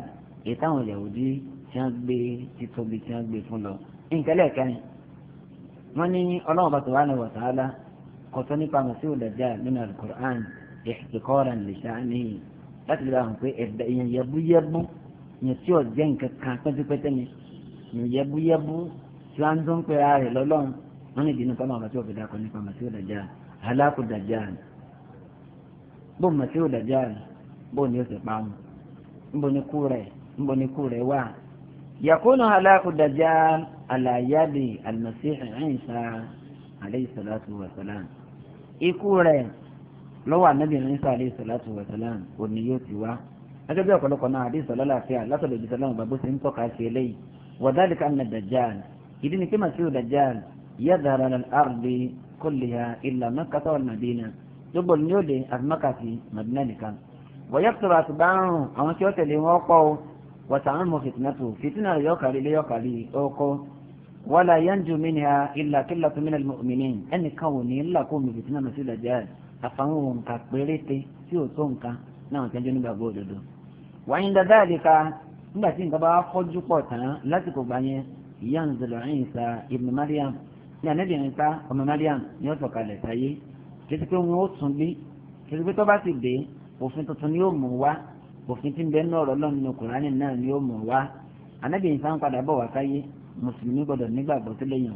èyí táwọn yahudi tí wọ́n gbé títóbi tí wọ́n gbé fún lọ. nǹkan lẹ́ẹ̀kan wọ́n ní ọlọ́run bàtà wà ní wàtàlá kọ̀tọ́ nípa màsíwò dàjàl nínú alukur'an ìṣèkọ́ra lè ṣáàní láti lè bá wọn pé ẹ̀dá ìyẹn yẹbúyẹbú ìyẹn tí ò nù yẹbúyẹbú tí wọ́n tún pè ara rẹ̀ lọ́lọ́run wọ́n lè dínú kọ́mọ̀ àbátí òfin dákọ̀ nípa màsí òdàjà aláàkú dàjà bó màsí òdàjà bó ni ó sì pa wọn níbo ni kú rẹ̀ níbo ni kú rẹ̀ wà. yakunu aláàkú dàjà àlàyáde àlùmọ̀síhì alayhi salatu wa salam ikú rẹ̀ lọ́wọ́ ànábì Ìsá alayhi salatu wa salam òní yóò ti wá. gẹ́gẹ́ bí ọ̀pọ̀lọpọ̀ náà àdéhùn sọ̀lá láàfíà látọ̀dọ̀ ìjọba bó ti ń tọ́ka sí eléyìí وذلك أن الدجال إذن كما سيو الدجال يظهر على الأرض كلها إلا مكة والمدينة يقول نيولي مكة في مدينة ويكثر أتباعه أو سيوت لوقعه وتعم فتنته فتنة يوكالي ليوكالي أوكو ولا ينجو منها إلا قلة من المؤمنين أن كوني إلا كوني فتنة مسيو الدجال أفهمهم كبيرتي سيو سونكا نعم تنجو نبا بودو وعند ذلك nígbà tí nǹkan bá fọ́jú pọ̀ tán lásìkò gbà yẹn ìyá ń zọlọ ẹ̀yìn sa ibn mariam ní ànábì ẹ̀yìn sa ọmọ mariam ní ó sọ̀kalẹ̀ sáyé kìí pé wọn ó tún bí kìí pé tó bá sì dé òfin tuntun ni yóò mú wá òfin tí ń bẹ ní ọ̀rọ̀ lọ́nà nínú kùránì náà ni yóò mú wá ànábì ẹ̀yìn sa ń padà bọ̀ wá sáyé mùsùlùmí gbọdọ̀ nígbàgbọ́ tó léyìn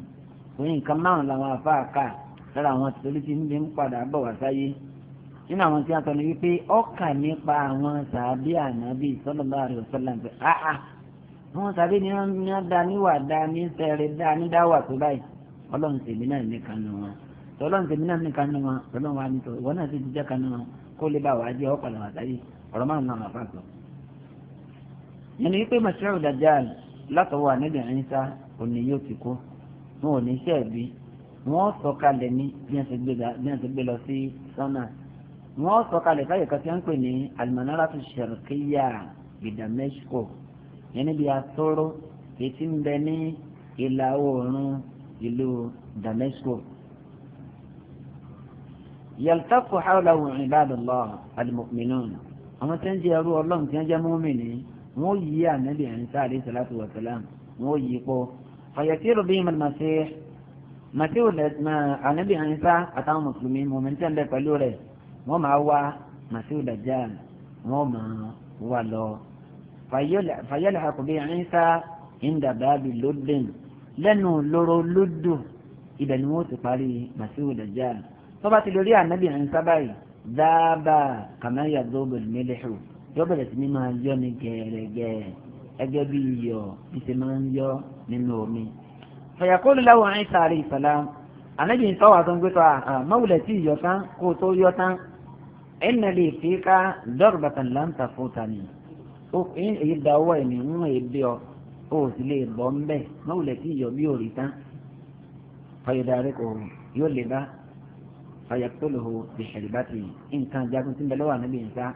òyìn nǹkan márùn làwọn àfáà kà lára àwọn tìtorí tí ń bí ń padà bọ̀ wá sáyé nínú àwọn tí a sọ ni wípé ọkà nípa àwọn sàbí ànábì sallallahu alaihi wasallam pé áà ah, ah, àwọn sàbí ni wọn ní wọn da níwà da ní sẹrẹ da ní dáwà tó báyìí ọlọ́run tèmi náà nìkan nù wọn tọ́lọ́run tèmi náà nìkan nù wọn ọlọ́run wa ní tọ́ ìwọ náà ti ti kan nù wọn kó lè bá wàá jẹ́ ọ̀pọ̀lọ̀ àtàyè ọ̀rọ̀ márùn náà nàfà sọ. yẹnni wípé masiru dajjal látọwọ́ ànábì Ìsá òní yóò ti kó wọn ò ní iṣẹ́ ẹ̀bí wọn sọ kalẹ̀ ní bí wọ́n ti gbé lọ sí sọ́nà wọ́n sọ kalẹ̀ fáyọ̀ kan tí wọ́n ń pè ní alimanara tó ṣẹ̀rùkíyà bìdàmẹ́ṣíkò yẹn níbi atóró etí ń bẹ ní ìlà oòrùn ìlú dàmẹ́ṣíkò. yàtọ̀kù hàwùlà wùrùn ìbádọ́lọ́ alimọ̀mìnún àwọn tí wọ́n jẹ́ ẹrú ọlọ́run tí wọ́n jẹ́ mọ́mìnì wọ́n yí ànábì ẹ̀ńsá àdé sàlátù wàsálàm wọ́n yí pọ̀ fàyàtí wọ́n máa wá màsíù dàjàl wọ́n máa wá lọ. fàyẹ́lẹ̀ àkùbí ẹ̀rínsá ìndàbàbí lódìn lẹ́nu lóró lódò ibẹ̀ ni wọ́n ti parí màsíù dàjàl. tó bá ti lórí ànábì ẹ̀rínsá báyìí dábàá kàmáyà dóbòl mẹ́lẹ́hù yóò bẹ̀rẹ̀ sí ni máa yọ ní gẹ̀ẹ́rẹ́gẹ́ ẹgẹ́ bí iyọ̀ bí ti máa ń yọ nínú omi. fàyàkóòlù láwọn ẹ̀rínsá àrí ìsàlám ànábì ìsọ̀wà tó ń gbé sọ àmọ́wùlẹ̀ tí ìyọ̀ ẹnna lè fi ká dọ́rọ̀bàtàn láǹtà fúta ni èyí da owó ẹ̀mí ń wọ́n ebi ọ o sì lè bọ́ ń bẹ̀ náà lè ti yọ bí òrì tán fayọ̀dàrí kò yóò lè bá fayọ̀tòlòhò bìṣẹ̀lìbàtì nǹkan jagun tí ń bẹ lọ́wọ́ ànábì nǹkan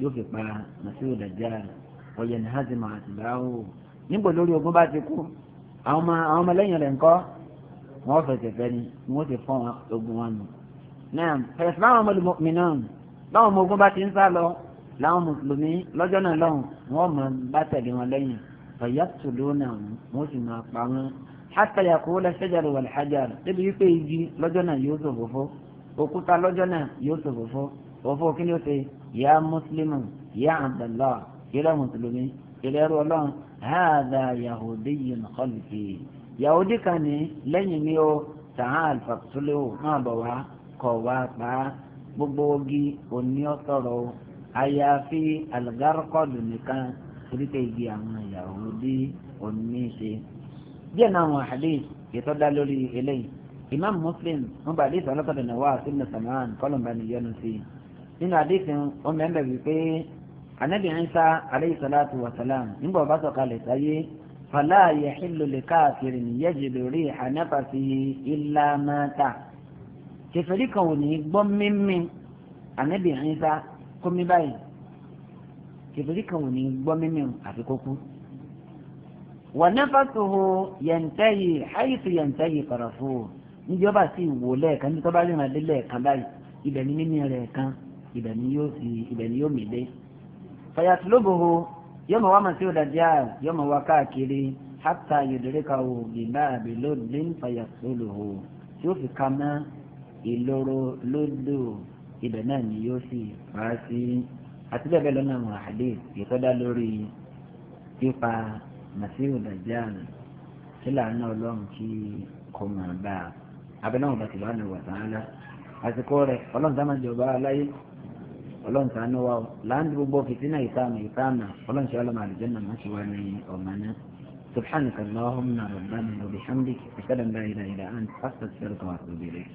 yóò fi pa màsíwò dàjà ọ̀yẹ̀ ní hazima àtìbáwò níbo lórí ogun bá ti kú àwọn ọmọ lẹ́yìn rẹ̀ ńkọ́ wọ́n fẹsẹ̀ fẹ́ ni wọ́n ti fọ́ ogun wọn nù. náà fẹ̀sán àwọn ọmọ báwọn ọmọ ogun bá ti ń sá lọ láwọn mùsùlùmí lọ́jọ́ náà lọ́hùn wọ́n mọ̀ bá tẹ̀lé wọn lẹ́yìn ọ̀yá tòló náà wọ́n sì máa pa wọn. hatta yaqula shajaru wal hajar débi wípé igi lọ́jọ́ náà yóò sọ fòfó òkúta lọ́jọ́ náà yóò sọ fòfó òfò kí ni ó ṣe yá mùsùlùmí yá abdallah ilé mùsùlùmí ilé ẹrú ọlọ́run hàdà yahudi yìí nìkan nìkì yahudi kan ní lẹ́yìn mi ó tàn án àlùfàkùsùlẹ̀ gbogbo ogi òní ọ̀tọ̀rọ̀ àyàfi àlùgárọ́kọ̀dù nìkan oríkè igi àwọn ìyàwó dí òní ṣe. díẹ̀ náà àwọn hadith ètò dá lórí eléyìí imam muslim ń bá hadith ọlọ́kọ̀dù náà wá sí nàìjíríà kọ́lọ̀mbà nìyọnu sí i. nínú hadith ó mẹ́ńbẹ̀ wípé anabi isa aleyhi salatu wa salam nígbà ọba sọ̀kalẹ̀ sáyé fàlàyé xìlùlẹ̀ káàkiri yẹ́jì lórí ànáfàsì ìlànà ta kẹfẹ́rí kan ò ní gbọ́ mímí ànábì Ìsá kó mí báyìí kẹfẹ́rí kan ò ní gbọ́ mímí àfi kó kú. wà nífàtòhò yẹ̀ǹtẹ́yì àyètò yẹ̀ǹtẹ́yì kọ̀rọ̀fò níjọba sì wò lẹ́ẹ̀kan nítorí bá rìnrìn àdé lẹ́ẹ̀kan báyìí ibẹ̀ ni mímí rẹ̀ kan ibẹ̀ ni yóò fi ibẹ̀ ni yóò mí dé. fàyàtúlóbòhò yóò mọ̀ wá màsí òdàjà yóò mọ̀ wá káàkiri hátà yòdòríkà ò gbìmbà àbèlò lẹ́yìn tí ó fi ka ìloro lódò ibẹ̀ náà ni yóò sì fara sí àti bẹ́ẹ̀ bẹ́ẹ̀ lọ́nà àwọn àdé ìtọ́dá lórí pípa màsíwò dàjáàn tí làánà ọlọ́run kí kò máa bá a abẹ́nà ọ̀bà tìlú àná wà sáńlá àsìkò rẹ̀ ọlọ́run sáà máa aláyé ọlọ́run sáánú wa láàánú gbogbo fìtínà ìsáàmù ìsáàmù ọlọ́run ṣe ọlọ́mọ àlùjẹ́ náà máa ṣe wá ní ọ̀mọ náà subhanaka allahumma rabbana wa bihamdika ashhadu an la ilaha illa anta astaghfiruka